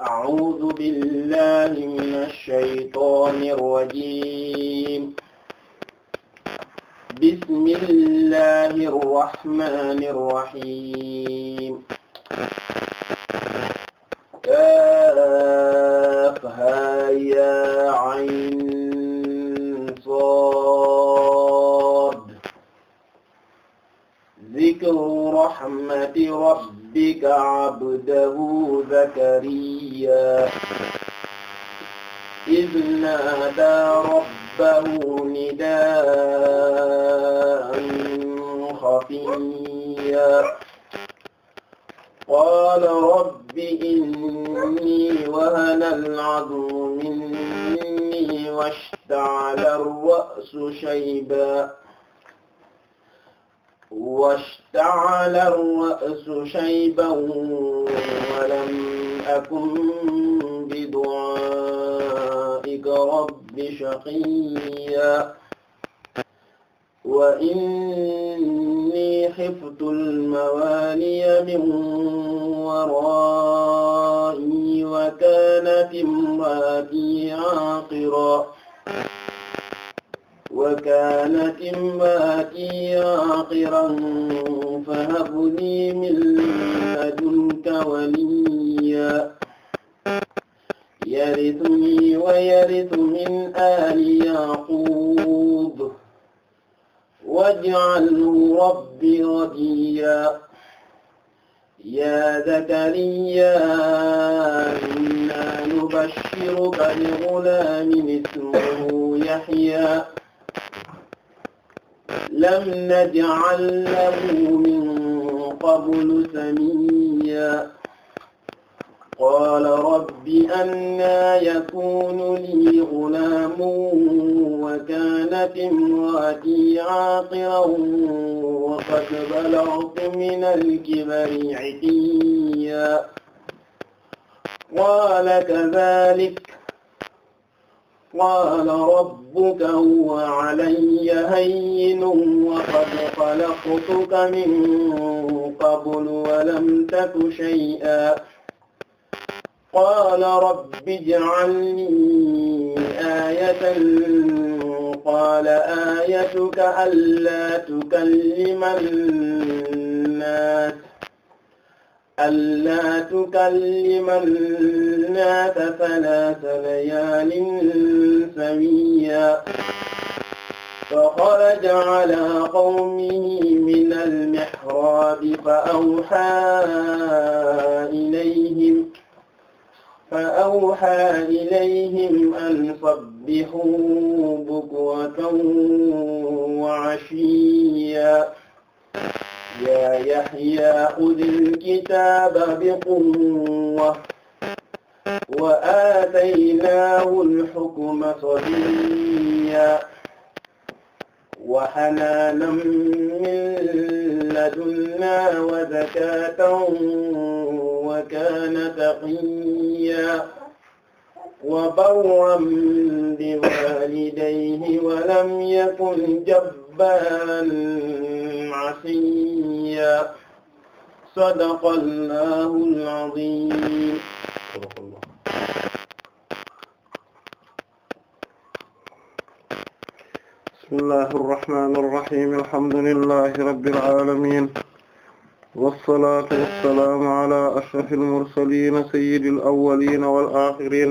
أعوذ بالله من الشيطان الرجيم بسم الله الرحمن الرحيم كافها يا عين صاد ذكر رحمة ربك ربك عبده زكريا إذ نادى ربه نداء خفيا قال رب إني وهن العظم مني واشتعل الرأس شيبا واشتعل الرأس شيبا ولم أكن بدعائك رب شقيا وإني خفت الموالي من ورائي وكانت امرأتي عاقرا وكانت امرأتي عاقرا فهب لي من لدنك وليا يرثني ويرث من آل يعقوب واجعله رب رضيا يا زكريا إنا نبشرك بغلام اسمه يحيى lam naj'al lahu min qablu samiyya qaala rabbi annaa yakuunu lii ghulaamun wa kaanat imra'atii 'aaqiran wa qad balaghtu mina al-kibari 'itiyya qaala kadhaalika قال ربك هو علي هين وقد خلقتك من قبل ولم تك شيئا قال رب اجعل لي آية قال آيتك ألا تكلم الناس ألا تكلم الناس ثلاث ليال سويا فخرج على قومه من المحراب فأوحى إليهم فأوحى إليهم أن سبحوا بكرة وعشيا يا يحيى خذ الكتاب بقوة وآتيناه الحكم صبيا وحنانا من لدنا وزكاة وكان تقيا وبرا بوالديه ولم يكن جبارا جبارا عصيا صدق الله العظيم صدق الله بسم الله الرحمن الرحيم الحمد لله رب العالمين والصلاة والسلام على أشرف المرسلين سيد الأولين والآخرين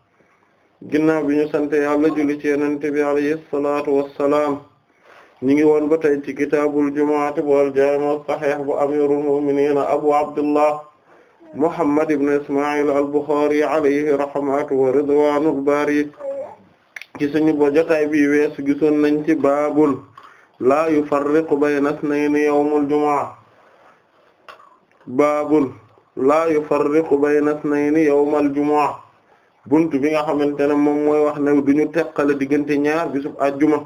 ginnaaw bi ñu sant yàlla julli ci yonent bi alayhi salaatu wassalaam ñu ngi woon ba tey ci kitaabul jumaat bu al-jaami' sahih bu amirul mu'minin abu abdullah muhammad ibn isma'il al-bukhari alayhi rahmatu wa ridwanul bari ci suñu ba jotaay bi weesu gisoon nañ ci baabul laa yufarriqu bayna isnayni yawmul jumaa baabul laa yufarriqu bayna isnayni yawmal jumaa bunt bi nga xamante ne moom mooy wax ne du ñu teqale diggante ñaar bisub ajjuma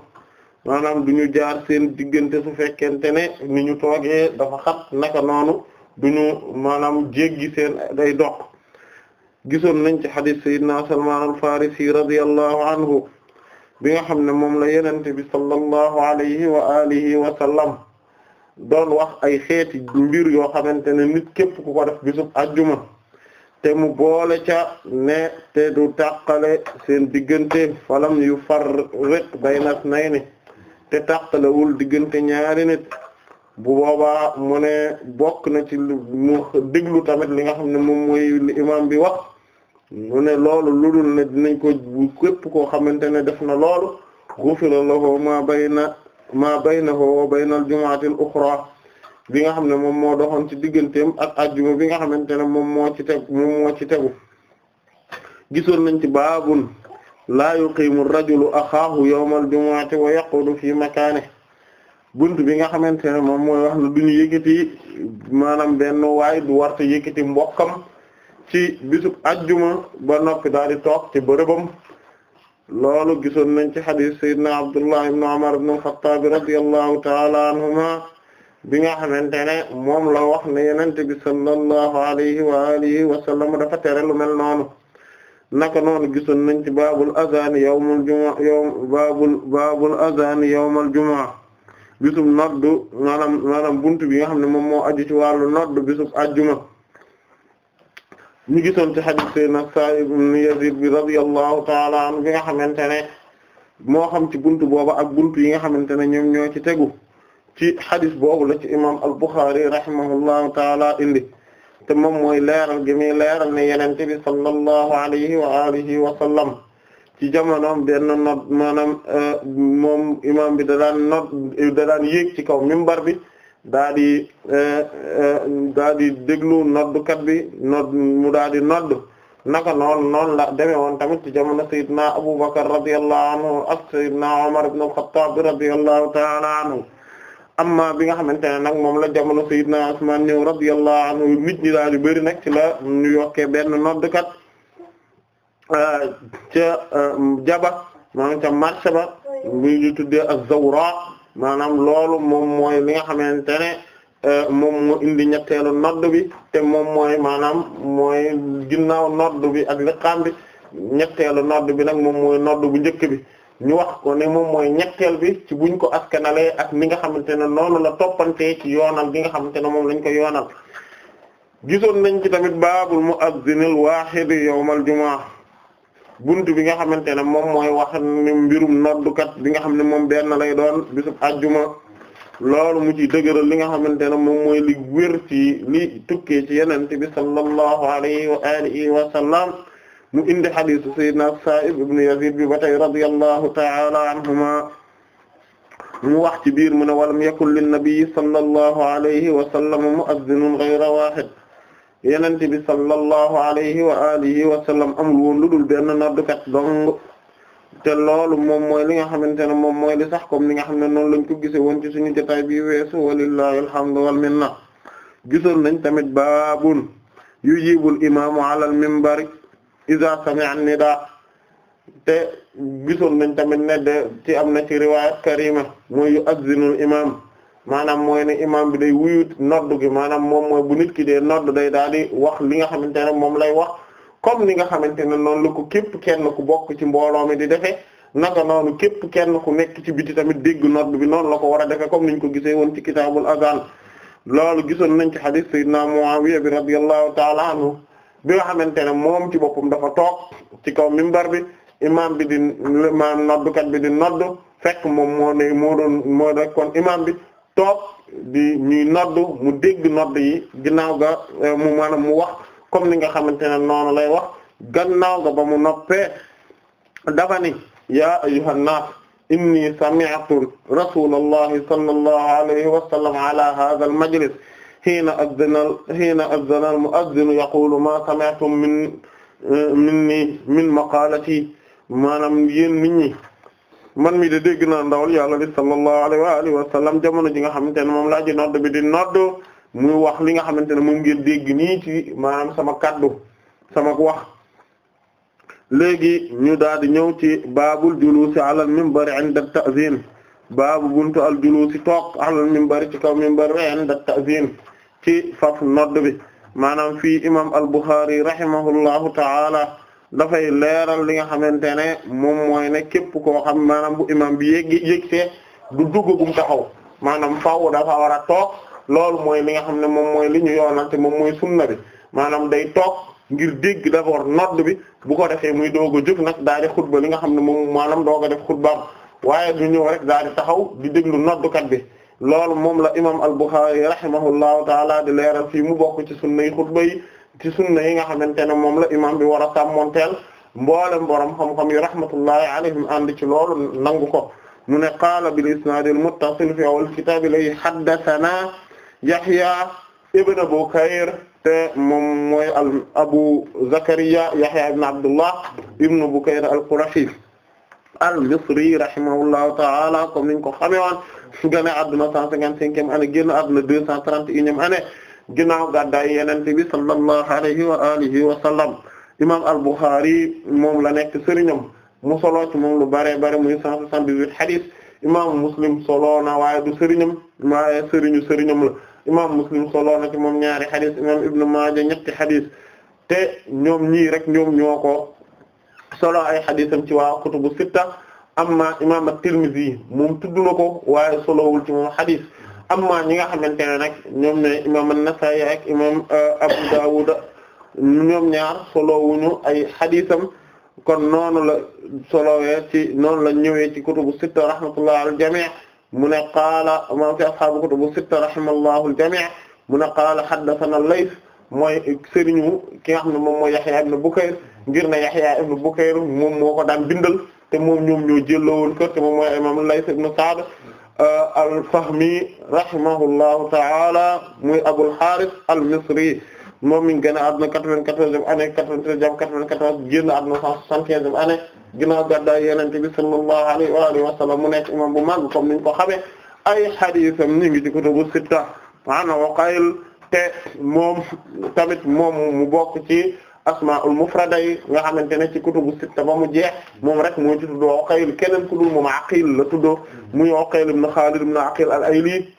maanaam du ñu jaar seen diggante su fekkente ne ni ñu toogee dafa xat naka noonu du ñu maanaam jéggi seen day doq gisoon nañ ci xadis sayyidina Salmaan al-Farisi radiyallahu anhu bi nga xam ne moom la yenente bi sallallahu alayhi wa alihi wa sallam doon wax ay xeeti mbir yoo xamante ne nit képp ku ko def bisub ajjuma te mu boole ca ne te du tàqale seen diggante falam yu farriq bayna nayni te tàqalewul diggante ñaari nit bu boobaa mu ne bokk na ci mu tamit li nga xam ne moom mooy li imam bi wax mu ne loolu dul ne dinañ ko képp koo xamante ne def na loolu ghufira lahu ma bayna ma baynahu wa bayna al jumu'ati al ukhra bi nga xam ne moom moo doxoon ci digganteem ak ajjuma bi nga xamante ne moom moo ci teg moom ci tegu gisoon nañ ci baabun laa yuqiimu rajulu axaahu yawmal jumu'ati wa yaqudu fi makaane bunt bi nga xamante ne moom mooy wax ne duñu yëkkati maanaam benn waay du warta yëkkati mbokkam ci bisub ajjuma ba noppi daal di toog ci bërëbam loolu gisoon nañ ci hadith sayyidina Abdullah ibn Umar ibn al-Khattab radiyallahu ta'ala anhuma bi nga xamante ne moom la wax ne yenente bi sallallahu alayhi wa alihi wa sallam dafa tere lu mel noonu naka noonu gisoon nañ ci baabul azan yawmul jumaa yow baabul baabul azan yawmul juma bisub noddu maanaam maanaam buntu bi nga xam ne moom moo aju ci wàllu noddu bisub ajjuma ñu gisoon ci hadith sayyidina Sa'ib ibn Yazid bi radiyallahu ta'ala anhu bi nga xamante ne moo xam ci buntu booba ak buntu yi nga xamante ne ñoom ñoo ci tegu ci xadis boobu la ci imam al-Bukhari rahimahullahu taala indi te moom mooy leeral gi muy leeral ne yenente bi sallallahu alayhi wa alihi wa sallam ci jamonoom benn nodd maanaam euh, moom imam bi da daan da daan ci kaw minbar bi daa di euh, euh, daa di déglu noddkat bi nodd mu daa di naka noonu noonu la demee woon tamit ci jamono sayyidina Abu Bakr radiyallahu ak sayyidina Umar ibn al-Khattab radiyallahu ta'ala anhu amma bi nga xamante ne nag moom la jamono sayyidna Usman ñëw radiyallahu anhu nit ñi daal yu bëri nag ci la ñu yokkee benn noddkat euh, ca euh, jaba maanaam ca marché ba bi tuddee az-Zawra maanaam loolu li nga xamante ne euh, moom moo indi ñetteelu nodd bi te moom mooy maanaam mooy ginnaaw nodd bi ak liqaam bi ñetteelu nodd bi nag moom mooy nodd bu njëkk bi ñu wax ko ne moom mooy ñetteel bi ci buñ ko askanalee ak ni nga xamante ne noonu la toppantee ci yoonal gi nga xamante ne moom lañ ko yoonal gisoon nañ ci tamit baabul mu'azzinil waahid yawmal jumaa bunt bi nga xamante ne moom mooy wax ni mbirum noddukat bi nga xam ne moom benn lay doon bisub ajjuma loolu mu ci dëgëral li nga xamante ne moom mooy li wér ci li tukkee ci yenente bi sallallahu alayhi wa alihi wa sallam mu indi hadiisu sayyidina Sa'ib ibn Yazid bi ba tey radiyallahu ta'ala anhuma mu wax ci biir mu ne walam yakun linnabii sallallahu alayhi wa sallam mu'azzinun ghayra wahid yonent bi sallallahu alayhi wa alihi wa sallam amul woon lu dul benn noddukat dong te loolu moom mooy li nga xamante ne moom mooy li sax comme li nga xam ne noonu lañ ko gise woon ci suñu jotaay bi weesu walillahi alhamdu wal minna gisoon nañ tamit baabun yujibul imaamu alal minbari iza sami'a nidaa te gisoon nañ tamit ne de ci am na ci riwaayat karima mooy yu azinul imam maanaam mooy ne imam bi day wuyut nodd gi maanaam moom mooy bu nit ki dee nodd day daal di wax li nga xamante ne moom lay wax comme ni nga xamante ne noonu la ko képp kenn ku bokk ci mbooloo mi di defee naka noonu képp kenn ku nekk ci biti tamit dégg nodd bi noonu la ko war a defee comme niñ ko gisee woon ci kitaabul azan loolu gisoon nañ ci hadith sayyidina Muawiya bi radiyallahu bi nga xamante ne moom ci boppam dafa toog ci kaw minbar bi imaam bi di maanaam noddukat bi di nodd fekk moom moo ne moo doon moo kon imaam bi toog di ñuy nodd mu dégg nodd yi ginnaaw ga eh, mu maanaam mu wax comme ni nga xamante ne noonu lay wax gannaaw ga ba mu noppee dafa ni yaa ayyuhan naas inni sami'tu rasulallahi sallallahu alayhi wa ala hadha al xiina azzinal xiina azzinal muazzinu yaqulu ma sami'tum min minni min maqaalati maanaam yéen nit ñi man mi de dégg naa ndawal yàlla bi sallallahu alayhi wa alihi wa sallam jamono ji nga xamante ne moom laa ji nodd bi di nodd muy wax li nga xamante ne moom ngeen dégg nii ci maanaam sama kaddu sama wax léegi ñu daal di ñëw ci baabul julusi alal minbar inda ta'zin baabu buntu al julusi toog alal minbar ci kaw minbar inda ta'zin ci faf nodd bi maanaam fii imam al-Bukhari rahimahullahu ta'ala dafay leeral li nga xamante ne moom mooy ne képp ko xam maanaam bu imam bi yëg yéggi yégsee du duggagum taxaw maanaam faaw dafa war a toog loolu mooy li nga xam ne moom mooy li ñu yoonal te moom mooy sunna bi maanaam day toog ngir dégg d'abord nodd bi bu ko defee muy doog a jóg nag daal di xutba li nga xam ne moom maanaam doog a def xutbaam waaye du ñëw rek daal di taxaw di déglu noddkat bi loolu moom la imam al-Bukhari rahimahullahu taala di leeral fii mu bokk ci sunna yi xutba yi ci sunna yi nga xamante ne moom la imam bi war a sàmmonteel mboolem borom xam-xam yi rahmatullahi alayhim ànd ci loolu nangu ko mu ne qaala bil isnaad al muttasil fi awal kitaab lay haddathana Yahya ibn Bukayr te moom mooy al Abu Zakariya Yahya ibn Abdullah ibn Bukayr al Qurashi al Misri rahimahullahu taala comme niñ ko xamee woon gane adduna cent cinquante-cinquième année génn adduna deux cent trente-et-unième année ginnaaw gàddaay yenente bi sallallahu alayhi wa alihi wa sallam imam al-Bukhari moom la nekk sëriñam mu solo ci moom lu bare bare muy cent soixante-dix-huit hadith imam Muslim solo na waaye du sëriñam waaye sëriñu sëriñam la imam Muslim solo na ci moom ñaari hadith imam Ibn Maaja ñetti hadith te ñoom ñii rek ñoom ñoo ko solo ay haditham ci waa kutubu sitta amma imam at-Tirmidhi moom tudd na ko waaye solowul ci moom xadis amma ñi nga xamante ne nag ñoom ne imam an-Nasa'i ak imam euh, Abu Dawud ñoom ñaar solowuñu ay xadisam kon noonu la solowee ci noonu la ñëwee ci kutubu sitta rahmatullah al jami' mu ne qaala ma fi ashaabu kutubu sitta rahimallahu al jami' mu ne qaala haddathana al-Layth mooy sëriñu ki nga xam ne moom mooy Yahya ibn Bukayr ngir na Yahya ibn Bukayr moom moo ko daan bindal te moom ñoom ñu jëlloo woon moom mooy imam Layth ibn Sa'd euh, al-Fahmi rahimahullahu ta'ala muy Abul Harith al-Misri moom mi ngi gën a àdduna quatre-vingt-quatorzième année quatre-vingt-treizième quatre-vingt-quatorze génn àdduna cent soixante-quinzième année ginnaaw gàddaay Yonent bi sallallahu alayhi wa alihi wa sallam mu nekk imam bu mag comme niñ ko xamee ay hadiisam ñu ngi ci kutubu te moom tamit moom mu bokk ci asmaul mufrada yi nga xamante ne ci kutubu sitta ba mu jeex moom rek mooy ci tuddoo Uqayl keneen ku dul moom Aqil la tuddoo muy Uqayl ibn Khalid ibn Aqil al-Ayli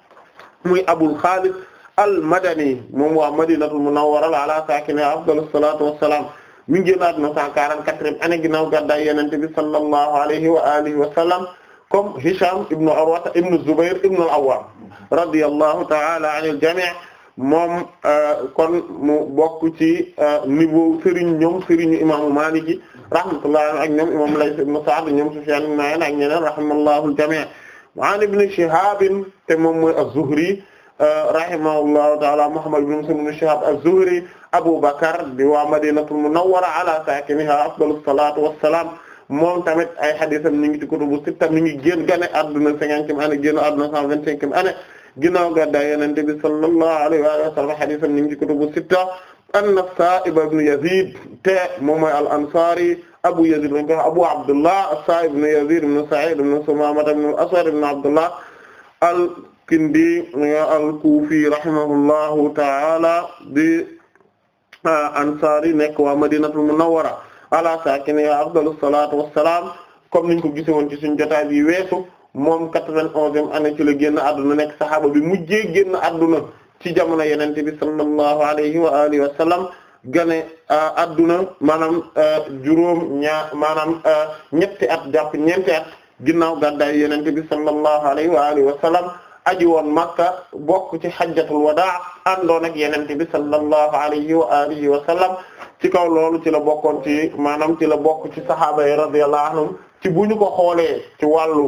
muy Abul Khalid al-Madani moom waa Madinatul Munawwara ala saakinihaa afdalu salaatu wassalaam mi ngi génnaat na cent quarante-quatrième année ginnaaw gàddaay Yonent bi sallallahu alayhi wa alihi wa sallam comme Hisham ibn Urwa ibn Zubayr ibn al-Awwam radiyallahu ta'ala anil jami' moom euh, kon mu bokk ci euh, niveau Serigne ñoom Serigne imaamu Maliki rahmatullah ak ñoom imam Layth ibn Sa'd ñoom Sufyan ibn Uyayna ak ñeneen rahimallahu al-jami' an ibn Shihab te moom mooy az-Zuhri euh, rahimahullahu ta'ala Muhammad ibn Muslim ibn Shihab az-Zuhri Abu Bakr di waa Madinatul Munawwara ala sakiniha afdalus salatu wassalam moom tamit ay hadisam ñu ngi ci kutubu sitta mi ngi génn gane adduna cinquantième année génn adduna cent vingt-cinquième année ginnaaw gàddaay Yonent bi sallallahu alayhi wa sallam hadiisam ñu ngi ci kutubu sitta anna Saa'ib ibn Yazid te moom mooy al-Ansaari Abu Yazid lañ koy Abu Abdullah as-Saa'ib ibn Yazid ibn Sa'id ibn Sumaama ibn al-Aswad ibn Abdullah al-Kindi al-Kufi rahimahullahu ta'ala di Ansaari nekk waa Madinatul Munawwara ala saakinihaa afdalu salaatu wassalaam comme niñ ko gisoon ci suñu jotaay bi weesu moom quatre-vingt-onzième ci la génn adduna nekk saxaaba bi mujje génn adduna ci jamono yenente bi sallallahu alayhi wa alihi wa sallam gane adduna maanaam juróom ñaar maanaam ñetti at jàpp ñeenti at ginnaaw gàddaay yenente bi sallallahu alayhi wa alihi wa sallam aji woon makka bokk ci hajjatul wadaa àndoon ak yenente bi sallallahu alayhi wa alihi wa sallam ci kaw loolu ci la bokkoon ci maanaam ci la bokk ci sahaaba yi radiyallahu anhum ci bu ñu ko xoolee ci wàllu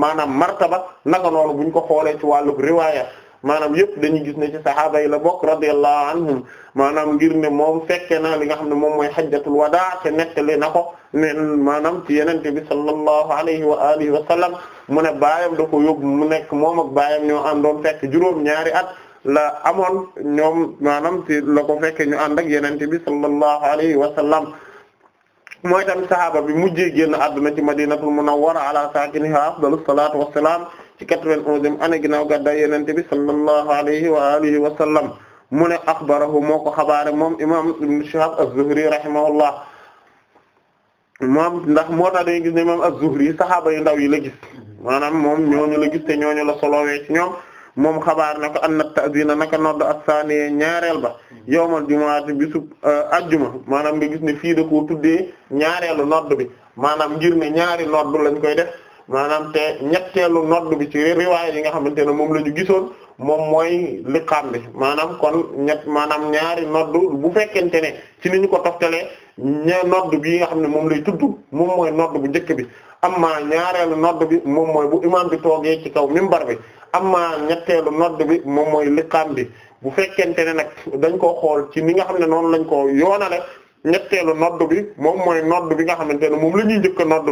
maanaam martaba naka noonu bu ko xoolee ci wàllu riwaaya maanaam yëpp dañuy gis ne ci sahaaba yi la bokk radiyallahu anhum maanaam ngir ne moom fekke na li nga xam ne moom mooy hajjatul wadaa te nettali na ko ne maanaam ci yenente bi sallallahu alayhi wa alihi wa sallam mu ne baayam do ko yóbbu mu nekk moom ak baayam ñoo àndoon fekk juróom ñaari at la amoon ñoom maanaam ci la ko fekke ñu ànd ak yenente bi sallallahu alayhi wa sallam mooy tamit sahaaba bi mujjee génn adduna ci madinatul munawwara ala saakiniha afdalus salaatu wassalaam ci quatre-vingt-onzième année ginnaaw gàddaay yonent bi sallallahu alayhi wa alihi wa mu ne axbarahu moo ko xabaare moom imam ibn Shihab az-Zuhri moom ndax moo tax dañuy gis ne moom az-Zuhri yu ndaw yi la gis maanaam moom ñooñu la gis te ñooñu la solowee ñoom moom xabaar na ko anna na naka nodd as-saaniya ñaareel ba yawmal jumu'ati bisub euh, ajjuma maanaam nga gis ne fii de koo tuddee ñaareelu nodd bi maanaam ngir ne ñaari nodd lañ koy def maanaam te ñetteelu nodd ci riwaaya yi nga xamante ne moom la ñu gisoon moom mooy liqaam maanaam kon ñett maanaam ñaari nodd bu fekkente ne ci ni ñu ko toftalee ña bi nga xam ne moom lay tudd moom mooy nodd bu njëkk bi amma ñaareelu nodd bi moom mooy bu imaam bi toogee ci kaw mimbar bi amma ñetteelu nodd bi moom mooy liqaam bi bu fekkente ne nag dañ ko xool ci ni nga xam ne noonu lañ ko yoonale ñetteelu nodd bi moom mooy nodd bi nga xamante ne moom la ñuy njëkk a nodd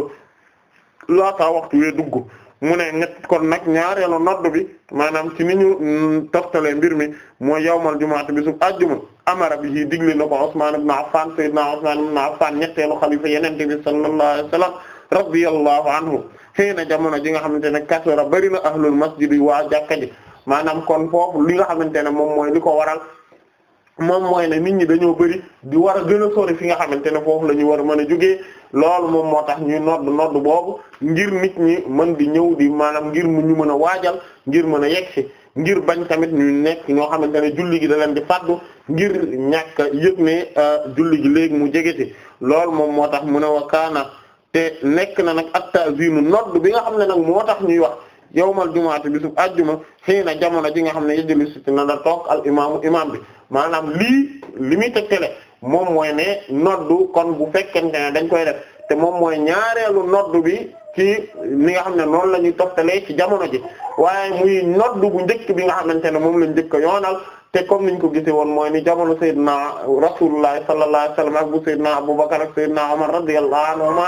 laataa waxtu wee dugg mu ne ñett kon nag ñaareelu nodd bi maanaam ci ni ñu toftalee mbir mi mooy yawmal jumaata bi su ajjuma amara bi yi digle na ko Usmaan ibn Affaan sayyidna Usmaan ibn Affaan ñetteelu xalifa yenente bi sallallahu alayhi wa sallam radiyallahu anhu xëy na jamono ji nga xamante ne kasura bari na ahlul masjid di waa jàkka ji maanaam kon foofu li nga xamante ne moom mooy li ko waral moom mooy ne nit ñi dañoo bëri di war a gën a sori fi nga xamante ne foofu la ñu war a mën a jóge loolu moom moo tax ñu nodd nodd boobu ngir nit ñi mën di ñëw di maanaam ngir mu ñu mën a waajal ngir mën a yegg si ngir bañ tamit ñu nekk ñoo xamante ne julli gi da di fàddu ngir ñàkk yëg ne euh, julli gi léegi mu jegeti loolu moom moo tax mu ne wa kaana te nekk na nag at-ta'zinu nodd bi nga xam ne nag moo tax ñuy wax yawmal bi bisub ajjuma xëy na jamono ji nga xam ne yëjëli siti na da toog al imaamu imaam bi maanaam lii li muy tegtale moom mooy ne noddu kon bu fekkente ne dañ koy def te moom mooy ñaareelu noddu bi ci li nga xam ne noonu la ñuy toftalee ci jamono ji waaye muy noddu bu njëkk bi nga xamante ne moom la njëkk a yoonal te comme niñ ko gisee woon mooy ni jamono sayyidina rasulullah sallallahu alayhi wasallam ak bu sayyidina Abubakar ak sayyidina Umar radiyallahu anhuma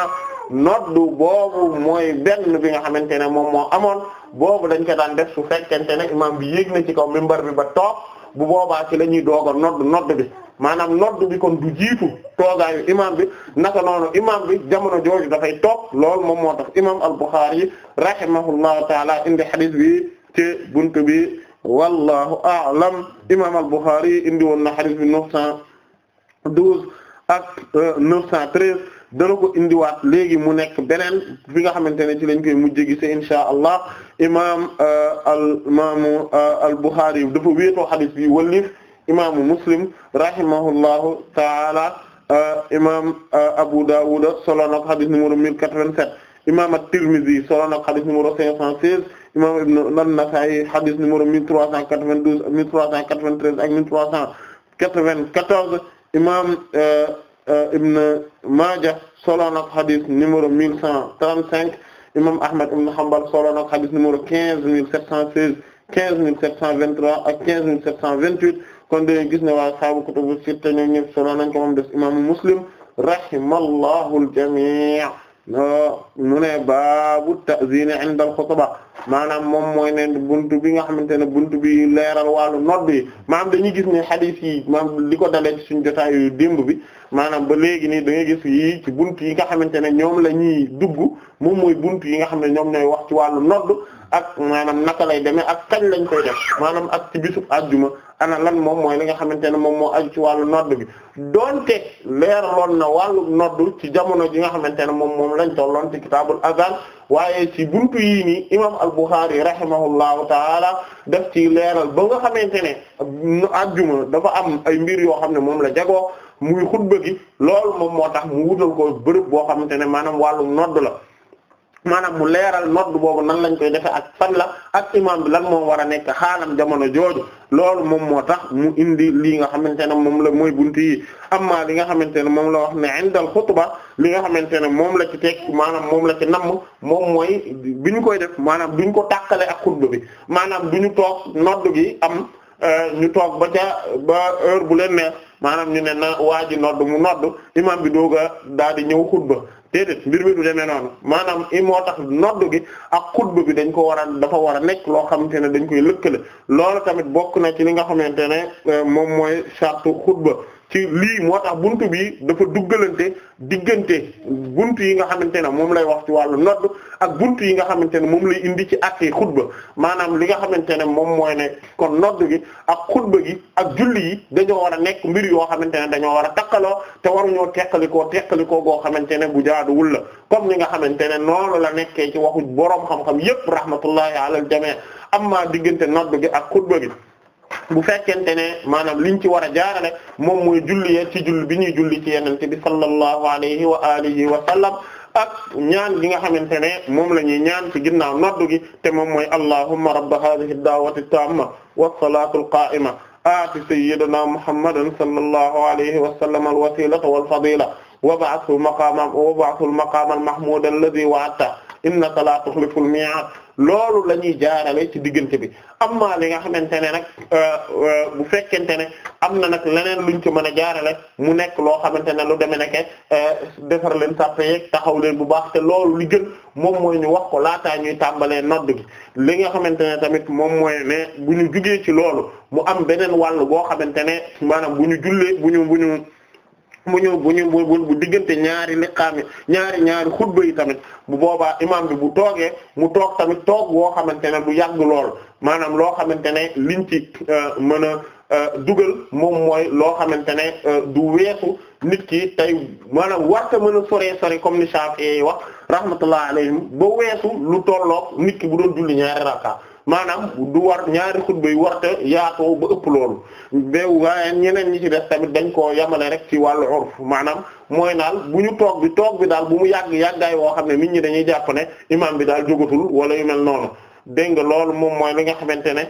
noddu boobu mooy benn bi nga xamante ne moom moo amoon boobu dañ ko daan def su fekkente ne imaam bi yéeg na ci kaw mimbar bi ba toog bu boobaa ci la ñuy doog a nodd bi maanaam nodd bi kon du jiitu toogaayu imaam bi naka noonu imaam bi jamono jooju dafay toog lool moom moo tax imaam al-Bukhari rahimahullahu taala indi hadith bi ci buntu bi wallahu a'lam imaam al-Bukhari indi woon na hadith bi 912 ak 913. Euh, dana ko indiwaat léegi mu nekk beneen fi nga xamante ne ci lañ koy mujj gi c'est insha allah imaam euh, al imaamu euh, al Bukhari dafa wéetoo hadith bi wallif imaamu muslim rahimahullahu taala euh, imaam Abu Dawud solo na ko hadith numéro 1087 imaam at-Tirmidhi solo na ko hadith numéro 516 imaam Ibn an-Nasa'i hadith numéro 1392 1393 ak 1394 imaam. Euh, ibn Maaja solo na ko xadis numéro mille cent trente-cinq imam Ahmad ibn Hanbal solo na ko xadis numéro quinze mille sept cent seize quinze mille sept cent vingt-trois ak quinze mille sept cent vingt-huit kon dañu gis ne waa saabu kutubu sitta ñoom ñëpp solo nañ ko moom des imaamu Muslim rahimallahu al-jamii' mu ne baabu ta'zin inda al-xutba maanaam moom mooy ne buntu bi nga xamante ne buntu bi leeral wàllu nodd yi maanaam dañuy gis ne hadith yi maanaam li ko dalee ci suñu jotaayu démb bi maanaam ba léegi nii da ngay gis yi ci buntu yi nga xamante ne ñoom la ñuy dugg moom mooy buntu yi nga xam ne ñoom ñooy wax ci wàllu nodd ak maanaam naka lay demee ak kañ lañ koy def maanaam ak ci bisub ajjuma ana lan moom mooy li nga xamante ne moom moo aju ci wàllu nodd bi donte leeraloon na wàllu noddu ci jamono ji nga xamante ne moom moom lañ tolloon ci kitaabul azan waaye ci buntu yii nii imam al-Bukhari rahimahullahu taala def ci leeral ba nga xamante ne ajjuma dafa am ay mbir yoo xam ne moom la jagoo muy xutba gi loolu moom moo tax mu wutal ko bërëb boo xamante ne maanaam wàllu nodd la maanaam mu leeral nodd boobu nan lañ koy defee ak fan la ak imaam bi lan moom war a nekk xaalam jamono jooju loolu moom moo tax mu indi lii nga xamante ne moom la mooy bunt yi li nga xamante ne moom la wax ne indal xutba li nga xamante ne moom la ci teg maanaam moom la ci namm moom mooy bi ñu koy def maanaam duñ ko tàqale ak xutba bi maanaam ñu toog nodd gi am Euh, ñu toog ba ca ba heure bu leen neex maanaam ñu ne na waa ji nodd mu nodd imam bi dooga daal di ñëw xutba déedéet mbir mi du demee noonu maanaam i moo tax nodd gi ak xutba bi dañ ko war a dafa war a nekk loo xamante ne dañ koy lëkkale loolu tamit bokk na ci li nga xamante ne euh, moom mooy sartu xutba ci lii moo tax buntu bi dafa duggalante diggante buntu yi nga xamante ne moom lay wax ci wàllu nodd ak buntu yi nga xamante ne moom lay indi ci at yi xutba maanaam li xamante ne moom mooy ne kon nodd gi ak xutba gi ak julli yi dañoo war a nekk mbir yoo xamante ne dañoo war a takkaloo te waruñoo teqalikoo teqalikoo goo xamante ne bu jaaduwul la comme li nga xamante ne noonu la nekkee ci waxu boroom xam-xam yépp rahmatullahi alal jamee amma diggante nodd gi ak xutba gi bu fekkente ne maanaam liñ ci war a jaarale moom mooy julli ci julli bi ñuy julli ci yenente bi sallallahu alayhi wa alihi wa sallam ak ñaan gi nga xamante ne moom la ñuy ñaan ci ginnaaw noddu gi te moom mooy allahumma rabba hadhihi ad-da'wati at-tamma was-salatu al-qa'ima aati sayyidina muhammadan sallallahu alayhi wa sallam al-wasilata wal-fadila wab'athu maqaman wab'athu al-maqama al-mahmuda alladhi wa'adta innaka la tuxliful mi'ad loolu la ñuy jaarale ci diggante bi am amma li nga xamante ne nag euh, euh, bu fekkente ne am na nag leneen luñ ci mën a jaarale mu nekk loo xamante ne lu demee ke euh, defar leen sàppe yeeg taxaw leen bu baax te loolu li gën moom mooy ñu wax ko laataa ñuy tàmbalee nodd gi li nga xamante ne tamit moom mooy ne bu ñu jugee ci loolu mu am beneen wàll boo xamante ne maanaam bu ñu jullee bu ñu bu ñu mu ñëw bu ñu bu bu diggante ñaari liqaami ñaari ñaari xutba yi tamit bu boobaa imaam bi bu toogee mu toog tamit toog woo xamante ne du yàgg lool maanaam loo xamante ne liñ ci euh, mën a euh, dugal moom mooy loo xamante ne euh, du weesu nit ki tey maanaam wax mën a sore sore comme ni Shafi'i wax rahmatullah alayhim ba weesu lu tolloog nit ki bu doon julli ñaari rakka maanaam du war ñaari xutba yi warte yaatoo ba ëpp loolu béw waaye ñeneen ñi ci def tamit dañ koo yemale rek ci wàllu urf maanaam mooy naal bu ñu toog bi toog bi daal bu mu yàgg yàggaay woo xam ne nit ñi dañuy jàpp ne imaam bi daal jógatul wala yu mel noonu dégg nga loolu moom mooy li nga xamante ne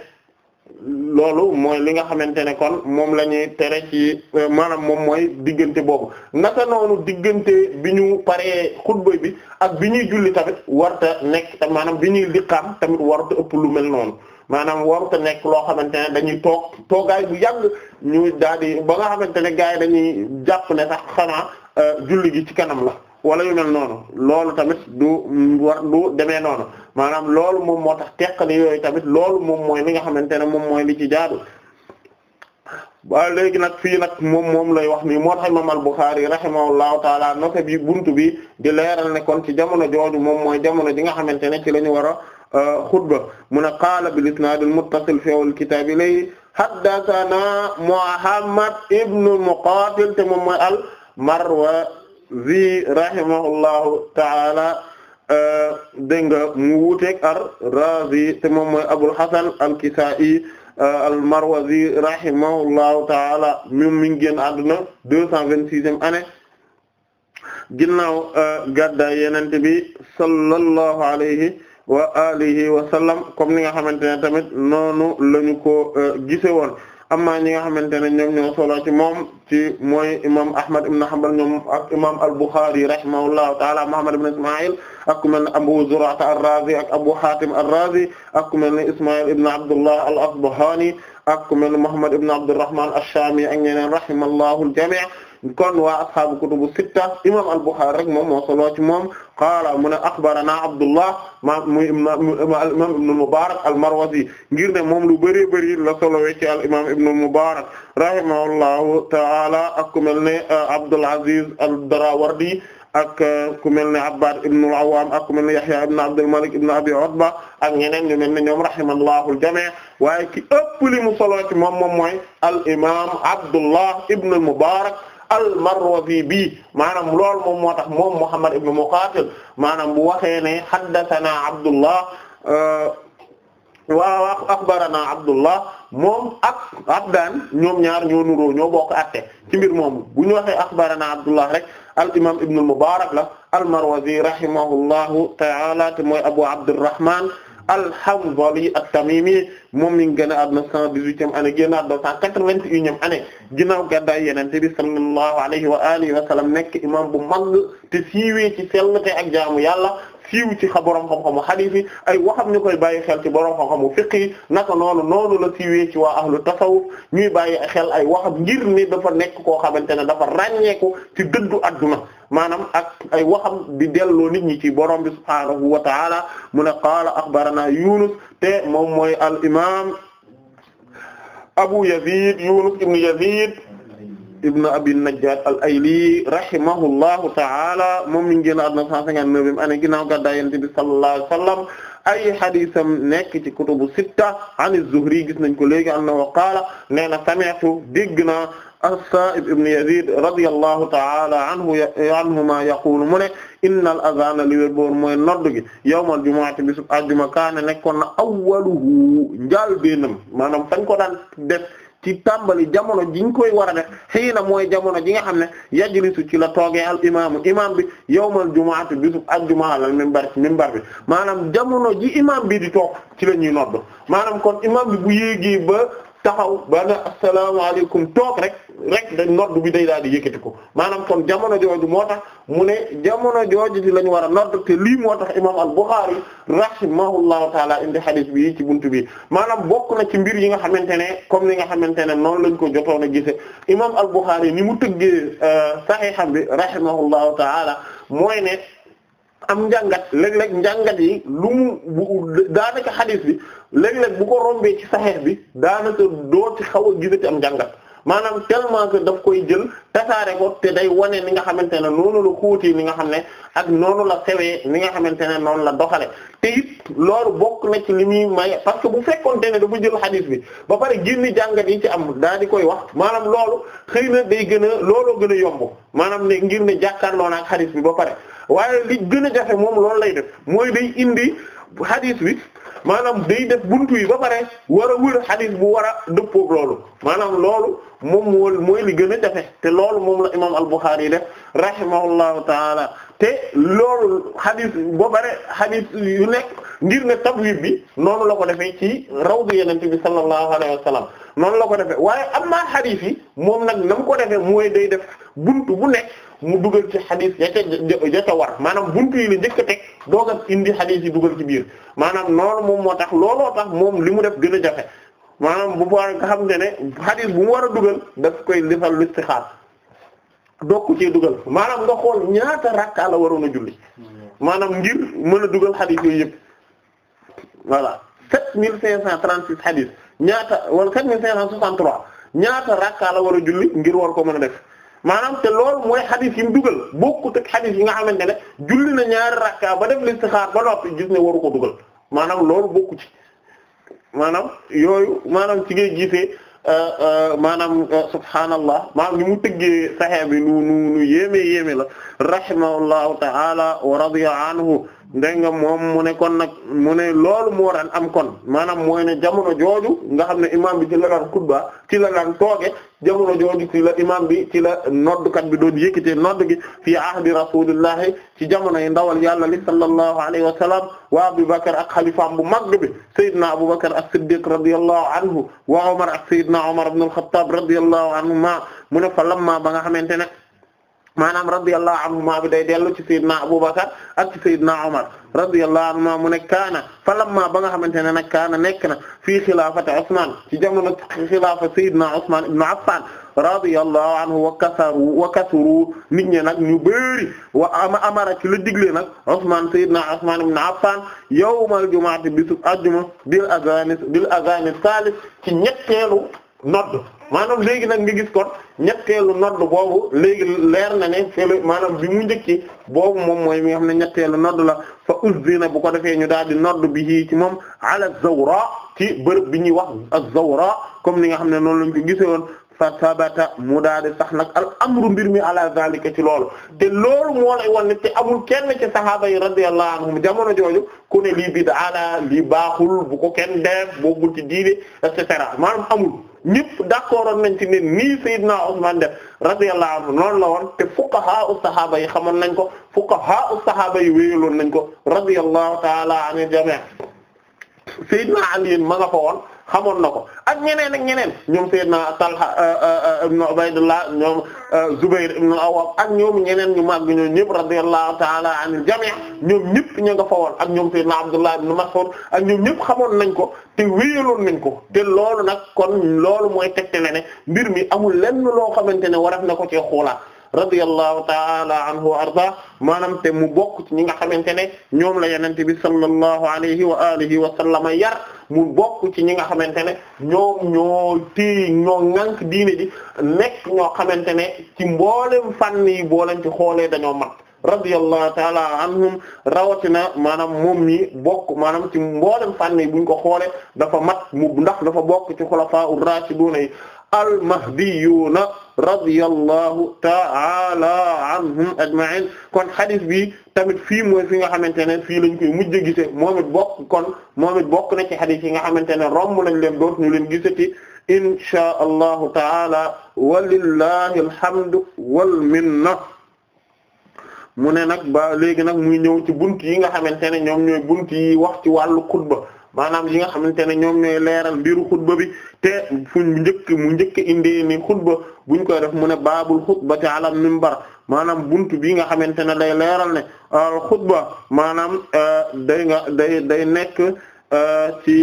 loolu mooy li nga xamante ne kon moom la ñuy tere ci euh, maanaam moom mooy diggante boobu naka noonu diggante bi ñu paree xutba bi ak bi ñuy julli tamit warta nekk maanaam bi ñuy liqaam tamit warta ëpp lu mel noonu maanaam warta nekk loo xamante ne dañuy toog toogaay bu yàgg ñu daal di ba nga xamante ne gars yi dañuy jàpp ne sax xanaa euh, julli gi ci kanam la wala yu noonu loolu tamit du war du demee noonu maanaam loolu moom moo tax teqali yooyu tamit loolu moom mooy li nga xamante ne moom mooy li ci jaadu ba léegi nag fii nag moom moom lay wax mi moo tax imam al-Bukhârî rahimahullahu taala nofe bi buntu bi di leeral ne kon ci jamono jooju moom mooy jamono ji nga xamante ne ci la ñu war a euh, xutba mu ne qaala bil isnaad al muttasil fi awwal kitaab ilay haddathana Muhammad ibn Muqaatil te moom mooy al Marwa zi rahimahullahu taala euh, dégg nga mu wuuteeg ar-Razi te moom mooy Abul Hasan al-Kisa'i euh, al-Marwazi rahimahullahu taala moom mi ngi génn àdduna deux cent vingt-sixième année ginnaaw euh, gàddaay Yonent bi sallallahu alayhi wa alihi wa sallam comme ni nga xamante ne tamit noonu lañu ko gise woon amma ñi nga xamante ne ñoom ñoo solo ci moom ci mooy imam Ahmad ibn Hanbal ñoom ak imam al-Bukhari rahimahullahu ta'ala Muhammad ibn Isma'il ak ku mel ne Abu Zur'a ar-Razi ak Abu Hatim ar-Razi ak ku mel ne Isma'il ibn Abdullah al-Asbahani ak ku mel ne Muhammad ibn Abdurrahman ash-Shami ak ñeneen rahimallahu al-jami' kon waa ashaabu kutubu sitta imam al-Bukhari rek moom moo solo ci moom qaala mu ne axbaranaa Abdullah ma muy imaam Ibn Mubaarak al-Marwazi ngir ne moom lu bëree bëri la solowee ci al imaam Ibn Mubaarak rahimahullahu ta'ala ak ku mel ne euh, Abdul Aziz ad-Darawardi ak euh, ku mel ne Abbad ibn al-Awwam ak ku mel ne Yahya ibn Abd al-Malik ibn Abi Utba ak ñeneen ñu mel ne ñoom rahimahullahu al-jami' waaye ki ëpp li mu solo ci moom moom mooy al imaam Abdullah ibn al-Mubarak al-Marwazi bi maanaam loolu moom moo tax moom Muhammad ibn Muqatil maanaam bu waxee ne haddathana Abdullah euh, wa akhbarana Abdullah moom ak Abdaan ñoom ñaar ñoo nuroo ñoo bokk àtte ci mbir moomu bu ñu waxee akhbarana Abdullah rek al imam Ibn al-Mubarak la al-Marwazi rahimahullahu ta'ala te mooy Abu Abdurrahman al-Hanzali at-Tamimi moom mi ngi gën a àdduna 118e année génn àdduna 181e année ginnaaw gàddaay Yonent bi sallallahu alayhi wa alihi wa sallam nekk imam bu mag te siiwee ci sell te ak jaamu yàlla siiw ci xa borom xam-xamu hadith yi ay waxam ñu koy bàyyi xel ci borom xam-xamu fiqh yi naka noonu noonu la siiwee ci waa ahlu tasawuf ñuy bàyyi xel ay waxam ngir ne dafa nekk koo xamante ne dafa ràññeeku ci dëddu adduna maanaam ak ay waxam di delloo nit ñi ci borom bi subhaanahu wa taala mu ne qaala axbarana yunus te moom mooy al imam abu yazid yunus ibn yazid ibn abi najjad al ayli rahimahullahu taala moom mi ngi génn àdduna 159 ane ginnaaw gàddaay yonent bi sallallahu alayhi wa sallam ay xadisam nekk ci kutubu sitta an az-zuhri gis nañ ko léegi annahu qaala nee na sami'tu dégg as-Sa'ib ibn Yazid radiyallahu ta'ala anhu anhuma yaqulu mu ne innal azana li wér boor mooy nodd gi yawmal jumu'ati bisub ajjuma kaana nekkoon na awwaluhu njaal nam maanaam fañ ko daan def ci tàmbali jamono jiñ koy war a def xëy mooy jamono ji nga xam ne yajlisu ci la toogee al imaamu imaam bi yawmal jumu'ati bisub ajjuma al minbar ci minbar bi maanaam jamono ji imaam bi di toog ci la ñuy nodd maanaam kon imaam bi bu yéegee ba taxaw ba na asalaamaaleykum toog rek rek da nodd bi day daal di yëkkati ko maanaam kon jamono jooju moo tax mu ne jamono jooju di la ñu war a nodd te lii moo tax imaam al-Bukhari rahimahullahu taala indi hadith bi ci bunt bi maanaam bokk na ci mbir yi nga xamante ne comme ni nga xamante ne noonu lañ ko jotoon a gisee imaam al-Bukhari ni mu tëggee euh, saxiixam bi rahimahullahu taala mooy ne am njàngat léeg-léeg njàngat yi lu mu daanaka hadith bi. léeg-léeg bu ko rombee ci saxeex bi daanaka doo ci xaw a gisati am njàngat maanaam tellement que daf koy jël tasaare ko te day wane ni nga xamante ne noonu la xuuti ni nga xam ne ak noonu la sewee ni nga xamante ne noonu la doxale te it loolu bokk na ci li muy maye parce que bu fekkoon ne dafa jël xadiis bi ba pare génni jàngat yi ci am daal di koy wax maanaam loolu xëy na day gën a looloo gën a yomb maanaam ne ngir ne jàkkaarloo na ak xadiis bi ba pare waaye li gën a jafe moom loolu lay def mooy day indi xadiis bi maanaam day def buntu yi ba pare war a wër xadis bu war a dëppoog loolu maanaam loolu moom mooy mooy li gën a jafe te loolu moom la imam al-Bukhari yi def rahimahullahu taala te loolu xadis ba pare xadis yu nekk ngir ne tabwib bi noonu la ko defee ci rawdu yenente bi sallallahu alayhi wa sallam noonu la ko defee waaye am naa xadis yi moom nag na mu ko defee mooy day def buntu bu nekk mu dugal ci xadis ya ca ja ca war maanaam buntu yi la njëkk teg doog a indi xadis yi dugal ci biir maanaam noonu moom moo tax looloo tax moom li mu def gën a jafe maanaam bu boobaa nga xam ne ne xadis bu mu war a dugal daf koy defal listixaar doog ko cee dugal maanaam nga xool ñaata rakka la waroon a julli maanaam ngir mën a dugal xadis yooyu yëpp voilà 7536 xadis ñaata wala 7563 ñaata rakka la war a julli ngir war ko mën a def. maanaam te loolu mooy xadis yi mu dugal bokkut ak xadis yi nga xamante ne julli na ñaari rakka ba def listixaar ba noppi gis ne waru ko dugal maanaam loolu bokku ci maanaam yooyu maanaam ci ngay gisee euh, euh, maanaam euh, subhaanallah maanaam ni mu teggee saxee bi nu nu nu yéeme yéeme la rahimahullahu ta'ala wa radiya anhu dégg nga moom mu ne kon nag mu ne loolu moo daan am kon maanaam mooy ne jamono jooju nga xam ne imaam bi ci la daan xutba ci la daan tooge jamono jooju ci imaam bi ci la noddkat bi doon yëkkatee nodd gi fii ahdi rasulillahi ci jamono yi ndawal yàlla li sallallahu alayhi wa sallam wa Abu Bakr ak xalifaam bu mag bi Seydina Abu Bakr as-Siddiq radiyallahu anhu wa Umar ak Seydina Umar ibn al-Khattab radiyallahu anhuma mu ne fa lamma ba nga xamante ne maanaam radiyallahu anhuma bi day dellu ci sayyidina Abubakar ak ci sayyidina Umar radiyallahu anhuma mu ne kaana fa lamma ba nga xamante ne nag kaana nekk na fii xilaafati Usmaan ci jamono xilaafa sayyidina Usmaan ibn Affaan radiyallahu anhu wa kasaru wa kasuru nit ñi nag ñu bëri wa ama amara ci la digle nag Usman sayyidna Usman ibn Affan yawmal jumu'ati bisu ajjuma bil azani bil azani salis ci ñetteelu nodd maanaam léegi nag nga gis kon ñetteelu nodd boobu léegi leer na ne fële maanaam bi mu njëkki boobu moom mooy mi nga xam ne ñetteelu nodd la fa uzdina bu ko defee ñu daal di nodd bi yii ci moom ala zawra ci bërëb bi ñuy wax ak zawra comme ni nga xam ne noonu lañ ko gisee woon fa sabata mu daal di sax nag al amru mbir mi ala zalika ci loolu te loolu moo lay wan ne te amul kenn ci sahaaba yi radiyallahu anhum jamono jooju ku ne lii bid'a la lii baaxul bu ko kenn def boogul ci diine et cetera maanaam amul ñëpp d'accord nañ ci ne nii Seydina Usman def radiyallahu anhu noonu la woon te fuqaha as-sahaba yi xamoon nañ ko fuqaha as-sahaba yi wéyaloon nañ ko radiyallahu ta'ala anil jami' Seydina Ali ma nga fa woon xamoon na ko ak ñeneen ak ñeneen ñoom Seydina Talha euh, euh, euh, ibn Ubaydullah ñoom Zubayr ibn Awwam ak ñoom ñeneen ñu màgg ñoom ñëpp radiyallahu ta'ala anil jami' ñoom ñëpp ñu nga fa woon ak ñoom Seydina Abdullah ibn Mas'ud ak ñoom ñëpp xamoon nañ ko te wéyaloon nañ ko te loolu nag kon loolu mooy teg tegtale ne mbir mi amul lenn loo xamante ne waraf na ko ci xoolaa radiyallahu ta'ala anhu wa maanaam te mu bokk ci ñi nga xamante ne ñoom la yenente bi sallallahu alayhi wa alihi wa sallama yar mu bokk ci ñi nga xamante ne ñoom ñoo téye ñoo ŋànk diine ji nekk ñoo xamante ne ci mboolem fànn yi boo leen ci xoolee dañoo mat radiyallahu ta'ala anhum rawatina maanaam moom mi mbokk maanaam ci mboolem fànn yi buñ ko xoolee dafa mat mu ndax dafa bokk ci xulafa'ur rashiduna yi al radiyallahu ta'ala anhum ajma'in kon xadis bi tamit fii mooy nga xamante ne fii lañ koy mujj gise moom bokk kon moom bokk na ci xadis yi nga xamante ne romb lañ leen doot ñu leen gisati inshaa allahu ta'ala walillahi alhamdu wal minna mu ne nag ba léegi nag muy ñëw ci bunt yi nga xamante ne ñoom ñooy bunt yi wax ci wàllu xutba maanaam yi nga xamante ne ñoom ñooy leeral mbiru xutba bi te fuñ njëkk mu njëkk indi ni xutba buñ koy def mu ne baabul xutbati ala minbar maanaam bunt bi nga xamante ne day leeral ne al euh, xutba maanaam euh, day nga day day nekk euh, ci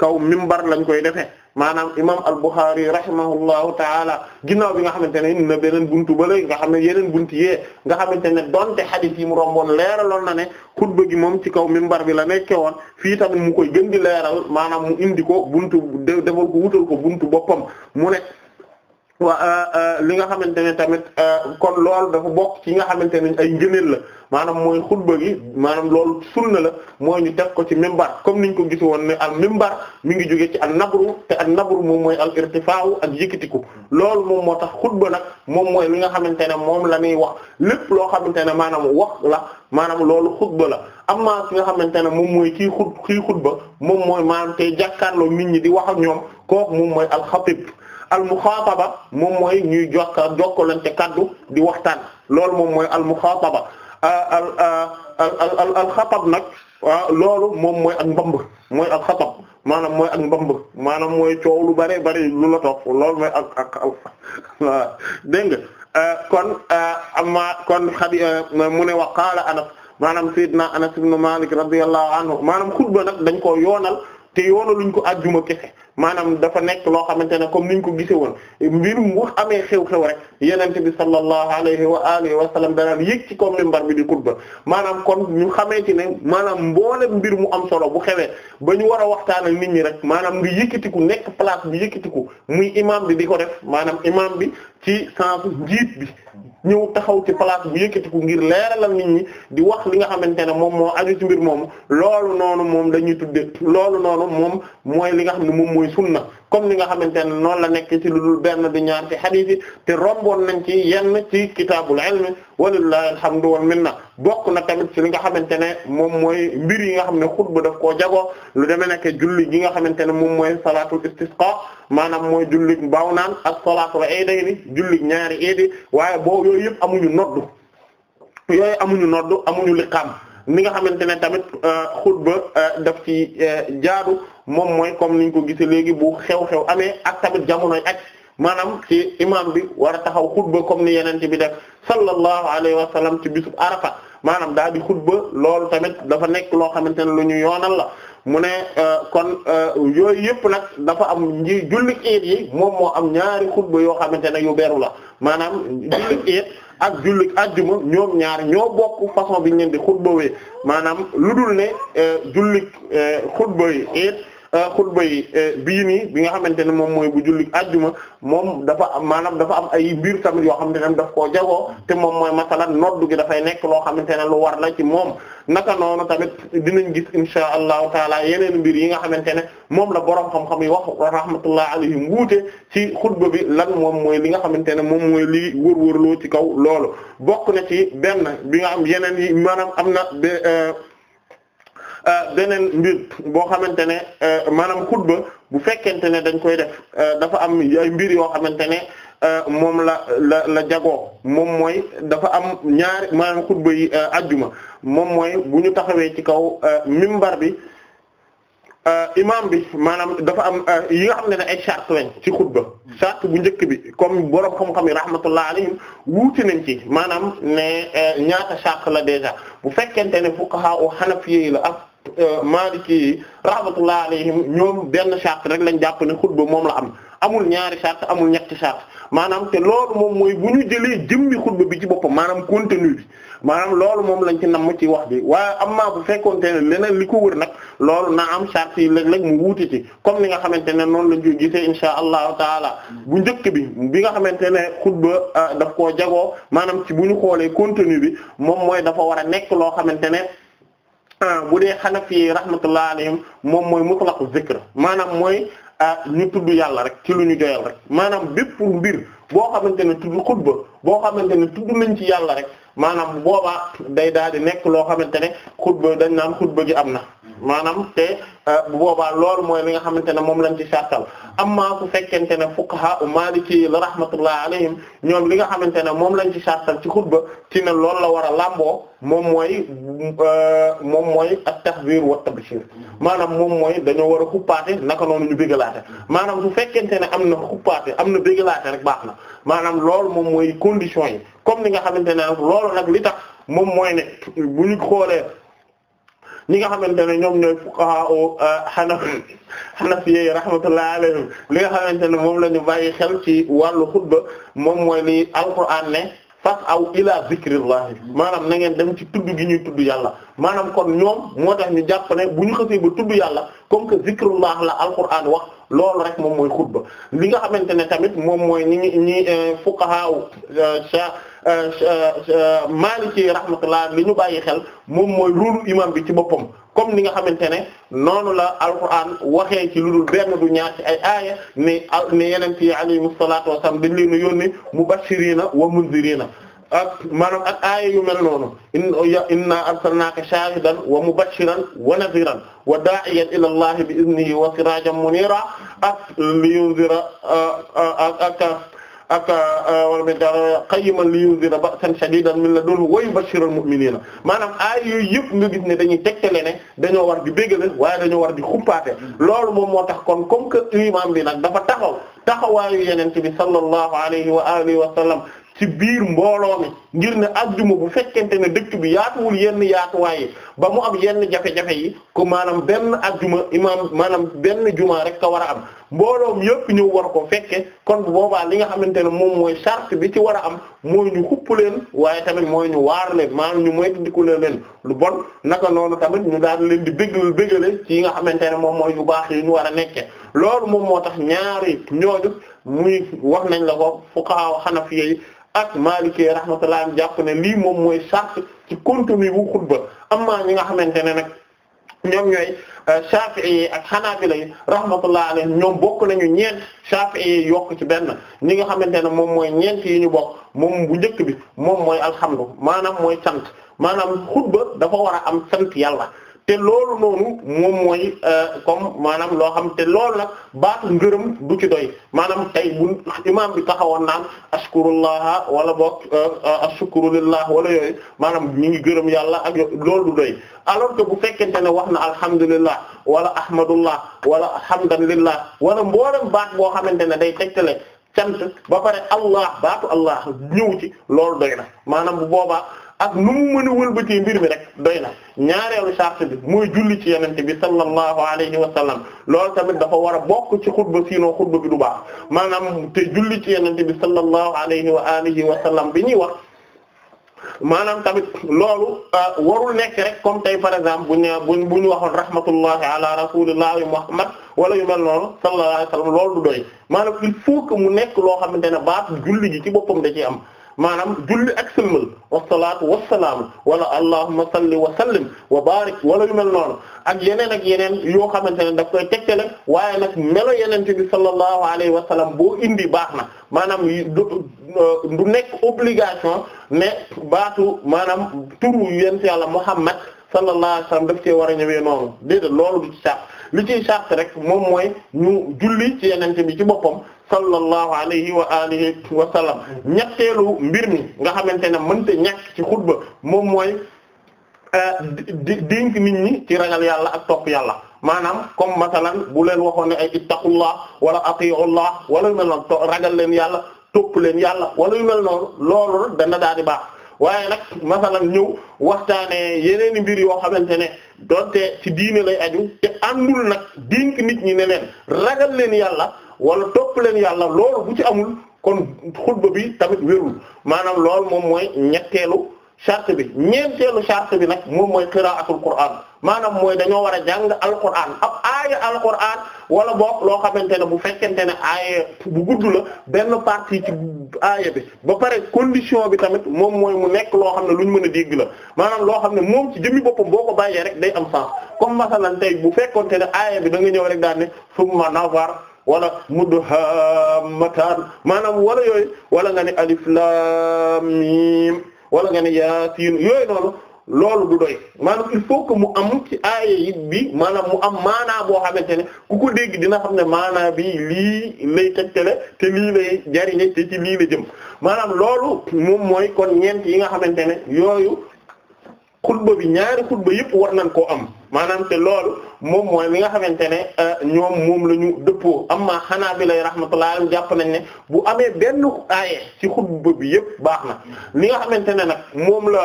kaw minbar lañ koy defee maanaam imam al-Bukhari rahimahullahu taala ginnaaw bi nga xamante ne na beneen buntu ba léegi nga xam ne yeneen buntu yee nga xamante ne donte xadis yi mu romboon leeraloon na ne xutba gi moom ci kaw minbar bi la nekke woon fii tamit mu koy gën di leeral maanaam mu indi ko buntu defal ko wutal ko buntu boppam mu ne waa euh, euh, li nga xamante ne tamit euh, kon loolu dafa bokk ci nga xamante ne ay ngëneel la maanaam mooy xutba gi maanaam loolu na la mooy ñu teg ko ci minbar comme niñ ko gis woon ne al minbar mi ngi jóge ci al nabru te a nabru moom mooy al irtifa'u ak yëkkatiku lool moom moo tax xutba nag moom mooy li nga xamante ne moom la ñuy wax lépp loo xamante ne maanaam wax la maanaam loolu xutba la amma ki nga xamante ne moom mooy kii xut kii xutba moom mooy maanaam tey jàkkaarloo nit ñi di wax ak ñoom kooku moom mooy al al muxaataba moom mooy ñuy jokka jokkalante kaddu di waxtaan loolu moom mooy ah, al muxaataba ah, al al al al xatab nag ah, loolu moom mooy ak mbamb mooy ak xatab maanaam mooy ak mbamb maanaam mooy coow lu bare bare lu la topp loolu mooy ak ak ak dégg nga kon amma kon xadi mu ne wa qaala anas maanaam sayyidina anas ibn malik radiyallahu anhu maanaam xutba nag dañ koo yoonal te yoonaluñ ko ajjuma kese maanaam dafa nekk loo xamante ne comme ni ñu ko gisee woon mbir mu amee xew-xew rek yenente bi sallallahu alayhi wa alihi wa sallam danaan yëg ci kaw minbar bi di xutba maanaam kon ñu xamee ci ne maanaam mboolem mbir mu am solo bu xewee ba ñu war a waxtaanal nit ñi rek maanaam nga yëkkatiku nekk place bi yëkkatiku muy imam bi di ko def maanaam imam bi ci sens njiit bi ñëw taxaw ci place bu yëkkatiku ngir leeralal nit ñi di wax li nga xamante ne moom moo aju ci moom dañuy noonu moom mooy li nga xam ne muy sunna comme ni nga xamante ne noonu la nekk ci lu dul benn du ñaar ci hadith yi te romboon nañ ci yenn ci kitaabul ilmi walillahi alhamdu wal minna bokk na tamit ci li nga xamante ne moom mooy mbir yi nga xam ne xutba daf koo jagoo lu deme nekk julli gi nga xamante ne moom mooy salaatul istisqa maanaam mooy julli baaw naan ak salaatul iidayni julli ñaari iidi waaye boo yooyu yëpp amuñu noddu yooyu amuñu noddu amuñu liqaam ni nga xamante ne tamit euh, xutba euh, daf ci euh, jaadu moom mooy comme niñ ko gisee léegi bu xew-xew amee ak tamit jamonoy aj maanaam ci imam bi war a taxaw xutba comme ni yenente bi def sallallahu alayhi wa sallam ci bisub arafa maanaam daal di xutba loolu tamit dafa nekk loo xamante ne lu ñu yoonal la mu ne euh, kon euh, yooyu yëpp nag dafa am nji jullit yi moom moo am ñaari xutba yoo xamante ne yu beru la maanaam jullit iit at jullit ajjuma ñoom ñaar ñoo bokk façon bi ñu leen xutba wee maanaam lu dul ne euh, jullit xutba yi iit Euh, xutba yi euh, bii nii bi nga xamante ne moom mooy bu julli ajjuma moom dafa am maanaam dafa am ay biir tamit yoo xamante ne daf koo jagoo te moom mooy masalan noddu gi dafay nekk loo xamante ne lu war moom naka noonu tamit dinañ gis insha allahu taala yeneen mbir yi nga xamante ne moom la borom xam yi wax rahmatullah alayhim wuute ci xutba bi lan moom mooy li nga xamante ne moom mooy lii wër-wërloo ci kaw loolu bokk na ci benn bi nga am yeneen yi maanaam am na euh, Euh, beneen mbir boo xamante ne euh, maanaam xutba bu fekkente ne dañ koy def euh, dafa am ay mbir yoo xamante ne moom la la la jagoo moom mooy dafa am ñaari maanaam xutba yi moom mooy bu ñu taxawee ci kaw mimbar bi imam bi maanaam dafa am yi nga xam ne ne ay charte lañ ci xutba charte bu njëkk bi comme borom xam-xam yi rahmatullah alayhim wuuti nañ ci maanaam ne ñaata charte la déjà bu fekkente ne fuqaha u hanafiyyi la ak Euh, Maliki yi rahmatullah alayhim ñoom benn charte rek lañ jàpp ne xutba moom la am amul ñaari charte amul ñetti charte maanaam te loolu moom mooy bu jëlee jëmmi xutba bi ci boppam maanaam contenu bi maanaam moom lañ ci namm ci wax bi waaye amaa bu fekkoonte leneen li nag loolu na am charte yi léeg-léeg mu wuute ci comme ni nga xamante ne noonu lañ ko gisee insha allahu taala bu njëkk bi bi nga xamante ne xutba euh, daf koo jagoo maanaam ci bu ñu xoolee contenu bi moom mooy dafa war a nekk loo xamante ne Euh, bu dee xanafi yi rahmatullah alayhim moom mooy mutlaqu zikr maanaam mooy nu euh, tudd yàlla rek ci lu ñu doyal rek maanaam bépp mbir boo xamante ne tudd xutba boo xamante ne tudd nañ ci yàlla rek maanaam boobaa day daal di nekk loo xamante ne xutba dañ naan xutba gi am na maanaam te euh, bu boobaa loolu mooy li nga xamante ne moom lañ ci sartal amma su fekkente ne fuqaha u ci la rahmatullah alayhim ñoom li nga xamante ne moom lañ ci sartal ci xutba ci ne loolu la war a làmboo moom mooy euh, moom mooy at-tahzir wa at-tabshir maanaam moom mooy dañoo war a xuppaate naka noonu ñu bégalaate maanaam su fekkente ne am na xuppaate am na bégalaate rek baax na maanaam lool moom mooy condition yi comme ni nga xamante ne loolu nag li tax moom mooy ne bu ñu xoolee li nga xamante ne ñoom ñooy fuqaha xanaf euh, xanafiyyi rahmatullahi alayhim li nga xamante ne moom lañu ñu xel ci wàllu xutba moom mooy ni alquran ne fas aw ila zikrillahi maanaam na ngeen dem ci tudd gi ñuy tudd yàlla maanaam kon ñoom moo tax ñu jàpp ne bu ñu xasee ba tudd yàlla comme que zikrullah la alquran wax loolu rek moom mooy xutba li nga xamante ne tamit moom mooy ñi ñi euh, fuqaha sa euh, euh, Maliki rahmatullah li ñu bàyyi xel moom lu rôle imam bi ci boppam comme ni nga xamante ne noonu la alquran waxee ci lu dul benn du ñaar ci ay aaya ne ne yeneen yi alayhimu salaatu wa salaam dañ leen a yónni mubashirina wa munzirina ak maanaam ak aaya yu mel noonu oh, inna arsalnaaka shaahidan wa mubashiran wa nadhiran wa daa'iyan ila allahi bi iznihi wa sirajan munira ak li yunzira ak ak wala mi dara qayyiman li yunzira ba'san shadidan min ladunhu wa yubashshira al-mu'minina maanaam aay yooyu yëpp nga gis ne dañuy tegtale ne dañoo war di béggale waaye dañoo war di xumpaate loolu moom moo tax kon comme que imam bi nag dafa taxaw taxawaayu yeneen bi sallallahu alayhi wa alihi wa sallam ci biir mbooloo mi ngir ne juma bu fekkente ne dëkk bi yaatuwul yenn yaatuwaay ba mu am yenn jafe-jafe yi ko maanaam benn juma imaam maanaam benn juma rek ka war a am mbooloom yëpp ñëw war ko fekke kon bu boobaa li nga xamante ne moom mooy charte bi ci war a am mooy ñu waaye tamit mooy ñu waar leen maanaam ñu moytandiku leen lu bon naka noonu tamit ñu daal leen di bégal bégale ci yi nga xamante ne moom mooy yu baax yi ñu war a nekke loolu moom moo tax ñaari ñooñu muy wax nañ la ko fuqaha xana yi ak Maliki rahmatullah jàpp ne lii moom mooy sart ci contenu bu xutba amma ñi nga xamante ne nag ñoom ñooy euh, Shafi'i ak Hanabila yi rahmatullah alayhim ñoom bokk nañu ñeent Shafi'i yi yokk ci benn ñi nga xamante ne moom mooy ñeent yi ñu bokk moom bu njëkk bi moom mooy alhamdu maanaam mooy sant maanaam xutba dafa war a am sant yàlla te loolu noonu moom mooy euh, comme maanaam loo xam te lool nag baatu ngërëm du ci doy maanaam tey bu imaam bi taxawoon naan ashkurullah wala boog euh, ashkuru lillah wala yooyu maanaam ñu ngi gërëm yàlla ak loolu du doy alors bu fekkente ne wax na alhamdulillah wala ahmadullah wala hamdan lillah wala mboolem baat boo xamante ne day tegtale cant ba pare allah baatu allah ñëw ci loolu doy na maanaam bu boobaa ak nu mu mën a wëlbatee mbir mi rek doy na ñaareelu charte bi mooy julli ci yenente bi sallallahu alayhi wa loolu tamit dafa war a bokk ci xutba sinon xutba bi du baax maanaam te julli ci yenente bi sallallahu alayhi wa alihi wa sallam bi ñuy wax maanaam tamit loolu euh, warul nekk rek comme tey par exemple bu ñu bu ñu waxoon rahmatullahi ala rasulillahi muhammad wala yu mel noonu sallallahu alayhi wa sallam loolu du doy maanaam il faut mu nekk loo xamante ne baat julli gi ci boppam da ciy am maanaam julli ak sëlmal wasalaatu wasalaamu wala allahumma salli wa sallim wa barik wala yu mel noonu ak yeneen ak yeneen yoo xamante ne daf koy tegtale waaye nag melo yenente bi sallallahu alayhi wa sallam boo indi baax na maanaam euh, du nekk obligation ne baatu maanaam turu yent yàlla Muhammad sallallahu alayhi wa sallam daf cee war a ñëwee noonu déedéet loolu du ci sart li ciy sart rek moom mooy ñu julli ci yenente bi ci boppam sallallahu alayhi wa alihi wa sallam ñetteelu mbir mi nga xamante ne mënta ñàkk ci xutba moom mooy euh, dénk nit ñi ci ragal yàlla ak topp yàlla maanaam comme masalan bu leen waxoon ne ay ittaqullah wala atiullah wala yu mel noonu ragal leen yàlla topp leen yàlla wala yu mel noonu loolu dana daal di baax waaye nag masalan ñëw waxtaanee yeneeni mbir yoo xamante ne doonte ci diine lay aju te àndul nag dénk nit ñi ne leen ragal leen yàlla wala topp leen yàlla loolu bu ci amul kon xutba bi tamit wérul maanaam lool moom mooy ñetteelu charte bi ñeenteelu chart bi nag moom mooy qiraatul qur'aan maanaam mooy dañoo war a jàng alqur'aan ab aaya alqur'aan wala boo loo xamante ne bu fekkente ne aaya bu gudd la benn partie ci bi ba pare condition bi tamit moom mooy mu nekk loo xam ne lu ñu mën a dégg la maanaam loo xam ne moom ci jëmmi boppam boo ko bàyyee rek day am sens comme masalan tey bu fekkonte ne aaya bi da nga ñëw rek daan ne summa nazar wala mudhammataan maanaam wala yooyu wala nga ne alif lam mim wala nga ne yaasiin yooyu noonu loolu du doy maanaam il que mu am ci aaya yi bi maanaam mu am maanaa boo xamante ne ku ko dégg dina xam ne maanaa bi lii lay tegtale te lii lay jariñe te ci lii la jëm maanaam loolu moom mooy kon ñeent yi nga xamante ne yooyu xutba bi ñaari xutba yëpp war nañ koo am maanaam te loolu moom mooy li nga xamante ne euh, ñoom moom la ñu dëppoo am amma Hanaabila rahmatullahi alayhim jàpp nañ ne bu amee benn aaye ci xutba bi yëpp baax na li nga xamante ne nag moom la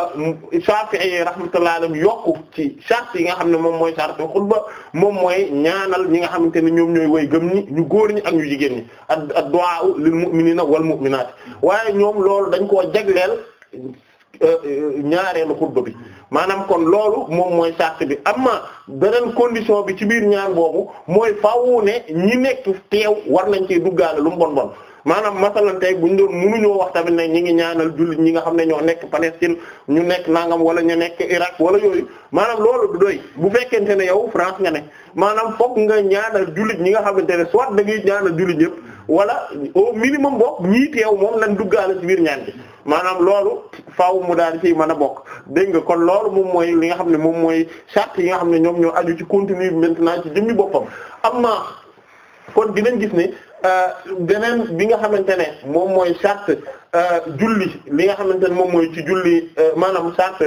Shaafi'i rahmatullahi alayhim yokku ci charte yi nga xam ne moom mooy charte xutba moom mooy ñaanal ñi nga xamante ne ñoom ñooy way gëm ñi ñu góor ñi ak ñu jigéen ñi ad du'a lil mu'minina wal mu'minaat waaye ñoom loolu dañ koo jagleel Euh, ñaareelu xutba bi maanaam kon loolu moom mooy sart bi amma beneen condition bi ci biir ñaan boobu mooy faaw ne ñi nekk teew war nañ ci duggaale lum mu bon bon maanaam masalan bu buñ doon mënuñoo wax tamit na ñi ngi ñaanal jullit ñi nga xam ne ñoo nekk Palestine ñu nekk nangam wala ñu nekk Irak wala yooyu maanaam loolu du doy bu fekkente ne yow France nga ne maanaam fokk nga ñaanal jullit ñi nga xamante ne soit da ngay ñaanal jullit ñëpp wala au minimum boog ñii teew moom lañ ñaan maanaam loolu faaw mu daal ci mën a bokk dégg nga kon loolu moom mooy li nga xam ne moom mooy charte yi nga xam ne ñoom ñoo aju ci continue maintenant ci jëmmi boppam am na kon dinañ gis ne euh, beneen bi nga xamante ne moom mooy charte euh, julli li nga xamante ne moom mooy ci julli euh, maanaam charte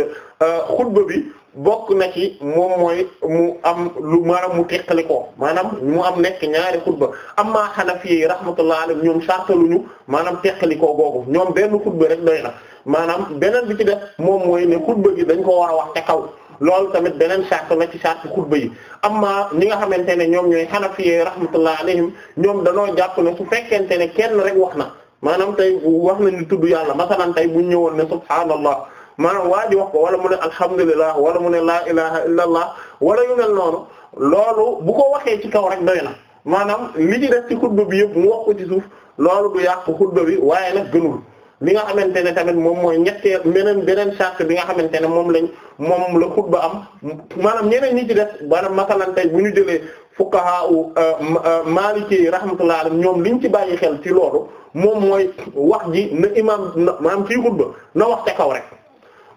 xutba bi bokk na ci moom mooy mu am lu maanaam mu teqali ko maanaam mu am nekk ñaari xutba amma Hanafi yi rahmatullah alayhim ñoom ñu maanaam teqali ko googu ñoom benn xutba rek doy na maanaam beneen bi ci de moom mooy ne xutba gi dañ ko war a wax te kaw loolu tamit beneen sart na ci sart xutba yi amma ni nga xamante ne ñoom ñooy Hanafi yi rahmatullah alayhim ñoom danoo jàpp ne su fekkente ne kenn rek wax na maanaam tey wax nañu tudd yàlla masalan tey bu ñëwoon ne subhaanallah maanaam waa ji wax ko wala mu ne alhamdulillah wala mu ne laa ilaha illa allah wala yu mel noonu loolu bu ko waxee ci kaw rek doy na maanaam li ci def ci xutba bi yëpp mu wax ko ci suuf loolu du yàq xutba bi waaye nag gënul li nga xamante ne tamit moom mooy ñetteel beneen beneen charte bi nga xamante ne moom lañ moom la xutba am maanaam ñeneen ñi ci def maanaam masalan tey bu ñu jëlee fuqaha u euh, maliki euh, rahmatullah alayhim ñoom liñ ci bàyyi xel ci loolu moom mooy wax ji na imam na maanaam ci xutba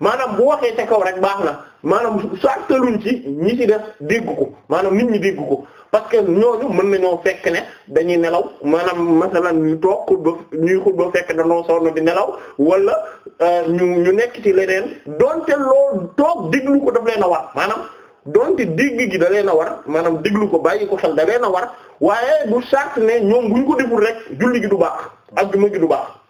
maanaam bu waxee ca kaw rek baax na maanaam sartaluñ ci ñi ci def dégg ko maanaam nit ñi dégg ko parce que ñooñu mën nañoo fekk ne dañuy nelaw maanaam masalan ñu toog xutba ñuy xutba fekk dañoo sonn di nelaw wala euh, ñu ñu nekk ci leneen donte loolu toog déglu ko daf leen a war maanaam donte dégg gi da leen a war maanaam déglu ko bàyyi ko xel da leen a war waaye bu sart ne ñoom buñ ko deful rek julli gi du baax ak ma gi du baax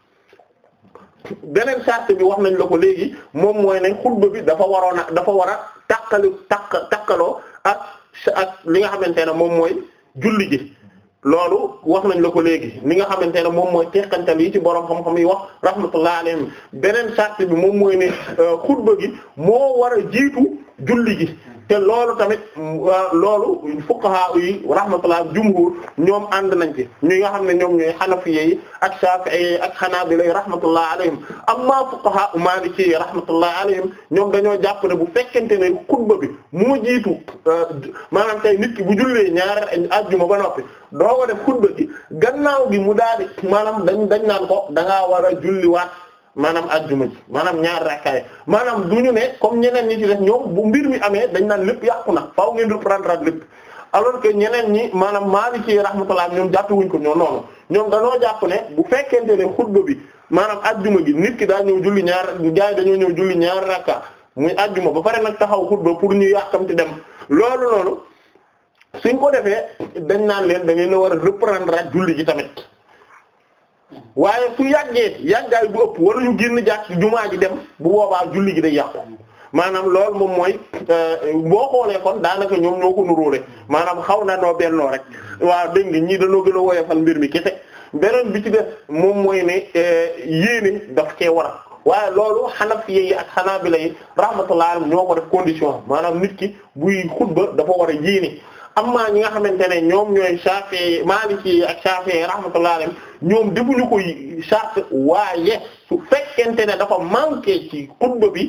beneen charte bi wax nañ la ko léegi moom mooy ne xutba bi dafa waroon a dafa war a takkali takk takkaloo ak ak li nga xamante ne moom mooy julli ji loolu wax nañ la ko léegi li nga xamante ne moom mooy teqantal yi ci borom xam-xam yi wax rahmatullah alayhim beneen charte bi moom mooy ne euh, xutba gi moo war a jiitu julli gi te loolu tamit loolu fuqaha yi rahmatullah jumhur ñoom ànd nañ ci ñi nga xam ne ñoom ñooy xanafiye yi ak shafi'i ak xanaabila yi rahmatullah alayhim amma fuqaha maliki yi rahmatullah alayhim ñoom dañoo jàpp ne bu fekkente ne xutba bi moo jiitu euh, maanaam tey nit ki bu jullee ñaar ajjuma ba noppi doo de xutba gi gannaaw gi mu daal di maanaam dañ dañ naan ko da ngaa war a maanaam ajjuma ji maanaam ñaar rakkaay maanaam du ñu ne comme ñeneen ñi ci def ñoom bu mbir mi amee dañ naan lépp yàqu na faaw ngeen reprendre ak lépp alors que ñeneen ñi maanaam Maliki rahmatullah ñoom jàpp wuñ ko ñoo noonu ñoom dañoo jàpp ne bu fekkente ne xutba bi maanaam ajjuma gi nit ki daa ñëw julli ñaar jaay dañoo ñëw julli ñaar rakka muy ajjuma ba pare nag taxaw xutba pour ñu yàkkamti dem loolu loolu suñ ko defee dañ naan leen da ngeen a war a reprendre ak julli gi tamit waaye su yàggee yàggaay bu ëpp wala ñu génn jàkk jumaa ji dem bu boobaa julli gi day yàqu maanaam loolu moom mooy euh, boo xoolee kon daanaka ñoom ñoo ko nuróole maanaam xaw na noo bennoo rek waaw dégg nga ñii dañoo gën a woyofal mbir mi kese beneen bi ci def moom mooy ne euh, yéene daf cee war a waaye loolu Hanafi yi ak xanaa Hanabila yi rahmatullah ñoo ko def condition maanaam nit ki buy xutba dafa war a yéene amma ñi nga xamante ne ñoom ñooy Shafi'i Maliki ak Shafi'i rahmatullahi alayhim ñoom defuñu ko charte waaye su fekkente ne dafa manqué ci xutba bi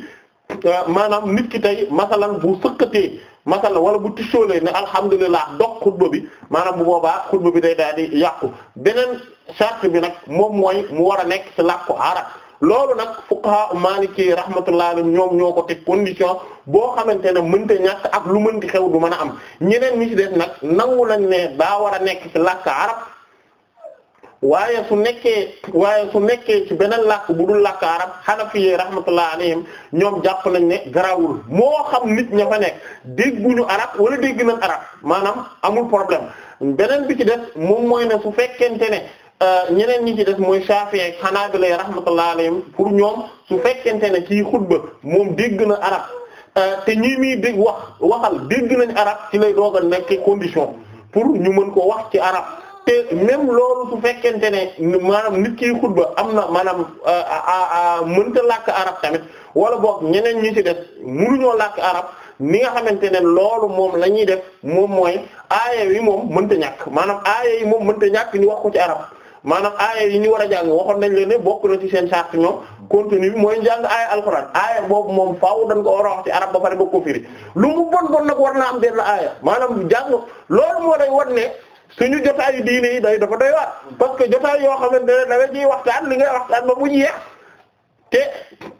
euh, maanaam nit ki tey masalan bu sëkkatee masala wala bu lay ne alhamdulilah dox xutba bi maanaam bu boobaa xutba bi day daal di yàqu beneen charte bi nag moom mooy mu war a nekk ci làkku arab loolu nag fuqaha maliki rahmatullah ñoom ñoo ko teg condition boo xamante ne mënta ñàkk ak lu mënti xew du mën a am ñeneen ñi ci def nag nangu lañ ne baa war a nekk ci làkk arab waaye su nekkee waaye su nekkee ci beneen làkk bu dul làkk arab hanafi rahmatullah alayhim ñoom jàpp nañ ne garawul moo xam nit ña fa nekk dégguñu arab wala dégg nañ arab maanaam amul problème beneen bi ci def moom mooy ne su fekkente ne Euh, ñeneen ñi ci des mooy Shafi'i ak Hanabila rahmatullahi alayhim pour ñoom su fekkente ne ci xutba moom dégg na arab euh, te ñi muy dégg wax waxal dégg nañ arab ci lay doog a nekk condition pour ñu mën ko wax ci arab te même loolu su fekkente ne maanaam nit ki xutba am na maanaam euh, mënta làkk arab tamit wala boog ñeneen ñi ci des mënuñoo làkk arab ni nga xamante ne loolu moom la ñuy def moom mooy aaya yi moom mënta ñàkk maanaam aaya yi moom mënta ñàkk ñu wax ko ci arab maanaam aaya yi ñu war a jàng waxoon nañ leen ne bokk na ci seen sart ñoom contenu mooy jàng aaya alxuraan aaya boobu moom faaw dañ ko war a wax ci arab ba pare ba ko firi lu mu bon bon nag war na am benn aaya maanaam jàng loolu moo lay wan ne suñu jotaayu diine yi day dafa doy waar parce que jotaay yoo xamante ne da nga ciy waxtaan li ngay waxtaan ba bu jeex te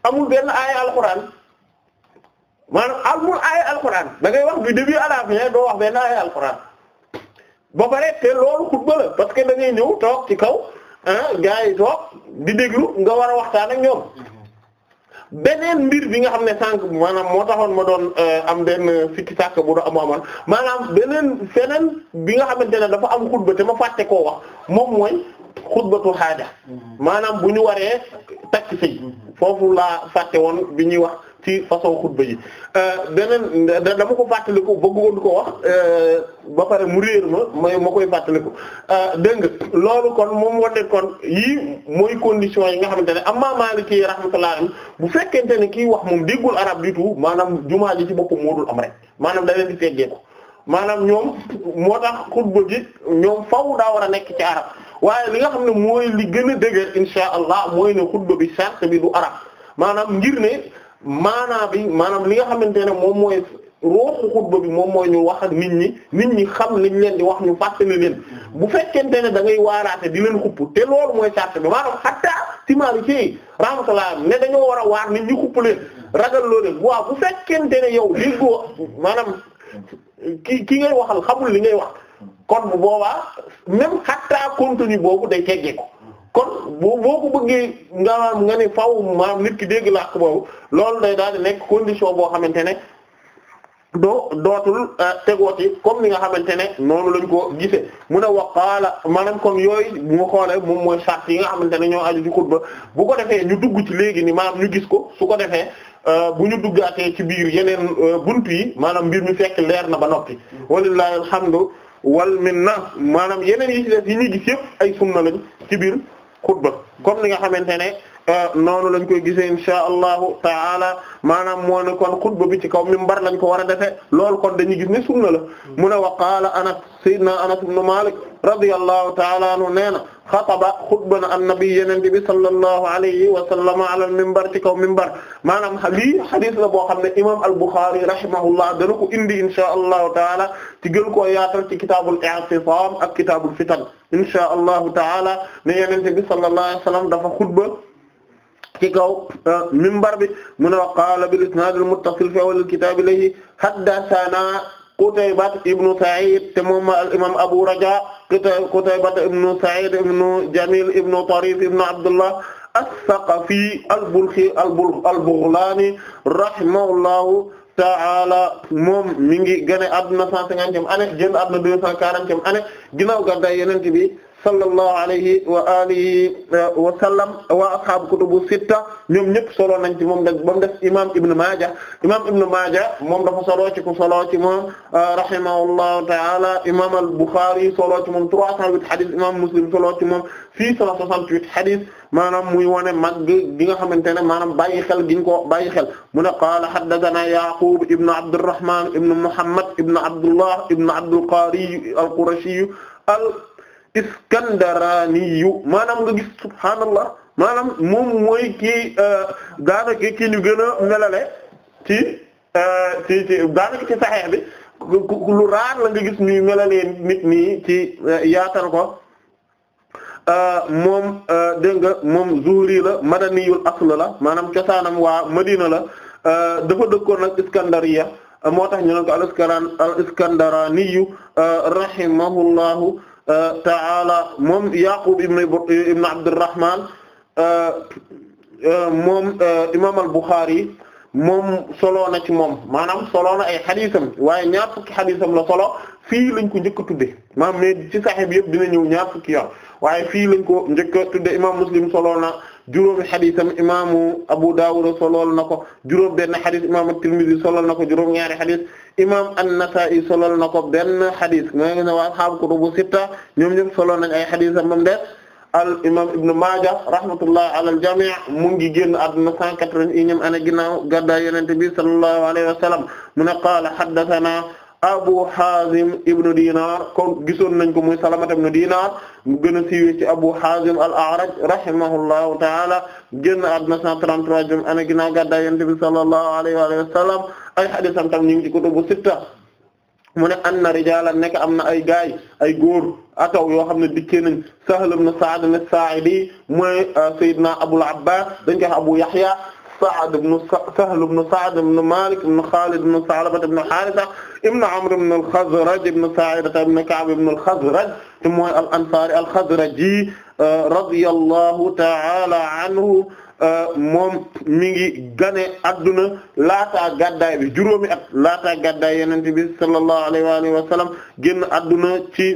amul benn aaya alxuraan maanaam amul aaya alxuraan da ngay wax du début à la fin doo wax benn aaya alxuraan. ba pare te loolu xutba la parce que da ngay ñëw toog ci kaw ah gars yi toog di déglu nga war a waxtaan ak ñoom beneen mbir bi nga xam ne sànq maanaam moo taxoon ma doon euh, am benn fiki sàkk bu doon amoon maanaam beneen feneen bi nga xamante ne dafa am xutba te ma fàtte koo wax moom mooy xutbatu xaaja mm-hmm. maanaam bu ñu waree takk sëy mm-hmm. foofu laa fàtte woon bi ñuy wax. ci façon xutba yi euh, beneen dama ko fàttaliku bëggoon ko wax euh, ba pare mu réer ma may ma koy fàttaliku euh, dégg nga loolu kon moom wane kon yii mooy condition yi nga xamante ne am amma Maliki rahmatullah bu fekkente ne kii wax moom déggul arab du tout maanaam jumaa ji ci boppam moo dul am rek maanaam da leen di ko maanaam ñoom moo tax xutba ji ñoom faw daa war a nekk ci arab waaye li nga xam ne mooy li gën a dëgër insha allah mooy ne xutba bi charte bi du maanaam ngir ne. maanaa bi maanaam li nga xamante ne moom mooy rooxu xutba bi moom mooy ñu wax ak nit ñi nit ñi xam liñ leen di wax ñu fàttali leen bu fekkente ne da ngay waaraate di leen xupp te loolu mooy charte bi maanaam xatta Timaari laa ne dañoo war a waar nit ñi xupp leen ragal loo leen waaw bu fekkente ne yow déggoo maanaam ki ki ngay waxal xamul li ngay wax kon bu boobaa même xatta contenu boobu day teggee ko kon boo boo ko bëggee nga nga ne faw maam nit ki dégg làkk boobu loolu day daal di nekk condition boo xamante ne doo dootul euh, tegoo ci comme ni nga xamante ne noonu lañ ko mun a ne waqaala maanaam kon yooyu bu nga xoolee moom mooy sart yi nga xamante ne ñoo aju ci ba bu ko defee ñu dugg ci léegi ni maanaam ñu gis ko su ko defee euh, bu ñu duggaatee ci biir yeneen euh, bunt yi maanaam mbir mi fekk leer na ba noppi walillahi alhamdu wal minna maanaam yeneen yi def yi ñuy gis yëpp ay lañ ci biir xutba comme ni nga xamante ne Eh, noonu lañ koy gisee insha allahu taala maanaam moo ne kon xutba bi ci kaw minbar lañ ko war a defee loolu kon dañuy gis ne sunna la mu ne wa qaala anas sayyidina anas ibn malik radiyallahu taala anhu nee na xataba xutba na an nabi yenente bi sallallahu alayhi wa sallama ala al minbar ci kaw minbar maanaam lii hadith la boo xam ne imam al buxaari rahimahullah dana ko indi insha allahu taala ci gën koo yaatal ci kitaabul i'tisaam ak kitaabul fitan insha allahu taala ne yenente bi sallallahu alayhi wa sallam dafa xutba ci kaw euh, minbar bi mu ne wa qaala bil isnaad al muttasil fi awwal al kitaab ilayhi haddasanaa Qutayba ibnu Sa'id te moom al imaam Abu Raja Qutayba ibnu Sa'id ibnu Jamil ibnu Tarif ibnu Abdullah as-Saqafi al-Balkhi al ta'ala moom mi ngi gane adduna 150 ane ane ginnaaw gàddaay Yonent bi sallallahu alayhi wa alihi eh, wa sallam wa ashaabu kutubu sitta ñoom ñëpp solo nañ ci moom ba mu def imaam Ibn Maaja imaam Ibn Maaja moom dafa solo ci ku solo ci moom eh, rahimahullahu ta'ala imaam al-Bukhari solo ci moom 308 hadith imaam Muslim solo ci moom 668 hadith maanaam muy wone mag gi nga xamante ne maanaam bàyyi xel giñ ko bàyyi xel mu ne qaala haddathana Yaqub ibn Abdurrahman ibn Muhammad ibn Abdullah ibn Abdul Qari al-Qurashi al iskandaraniyu maanaam nga gis subhaanallah maanaam moom mooy kii euh, daanaka kii ñu gën a melale ci euh, ci ci daanaka ci saxeex bi lu raar la nga gis ñuy melalee nit nii ci euh, yaatal ko moom dégg nga moom Zuhri la madaniyul asl la maanaam cosaanam waa Madina la dafa dëkkoon ak Iskandariya moo tax ñu ne ko al iskandaraniyu rahimahullahu Euh, ta'ala moom Yaqub ibn ibn Abdurrahman euh, euh, moom imam al-Bukhari moom solo na ci moom maanaam solo na ay xadisam waaye ñaar fukki xadisam la solo fii lañ ko njëkk a tudde maanaam mais ci saxib yëpp dina ñëw ñaar fukki yoon waaye fii lañ ko njëkk a tudde imam Muslim solo na juróomi xadisam imaamu Abu Dawud solo na ko juróom benn xadis imam At-Tirmidhi solo na ko juróom ñaari xadis imam an-Nasa'i soloon na ko benn xadis maa ngi ne waa xaab kutubu sitta ñoom ñëpp soloon nañ ay xadis ma moom de al imam Ibn Maaja rahmatullah ala al mu ngi génn àdduna 181 ñoom ana ginnaaw gàddaay Yonent bi sallallahu alayhi wa sallam mu ne qaala haddathana Abu Hazim ibnu Dinar kon gisoon nañ ko muy Salamata ibnu Dinar mu gën a siiwee ci Abu Hazim al-A'raj rahimahullahu ta'ala génn àdduna 133 jëm ana ginnaaw gàddaay Yonent bi sallallahu alayhi wa sallam ay hadiisam tam ñu ngi ci kutubu sitta mu ne anna rijalan nekk am na ay gaay ay góor ataw yoo xam ne dikkee nañ Sahl ibn Sa'd as-Sa'idi mooy euh, Sayyidina Abul Abbas dañ koy wax Abu Yahya Sa'd ibn Sahl ibn Sa'd ibn Malik ibn Khalid ibn Sa'laba ibn Haritha ibn Amr ibn al-Khazraj ibn Sa'ida ibn Ka'b ibn al-Khazraj te mooy al-Ansari al-Khazraji euh, radiyallahu ta'ala anhu euh, moom mi ngi gane adduna laataa gàddaay bi juróomi at laataa gàddaay Yonent bi sallallahu alayhi wa alihi wa sallam génn adduna ci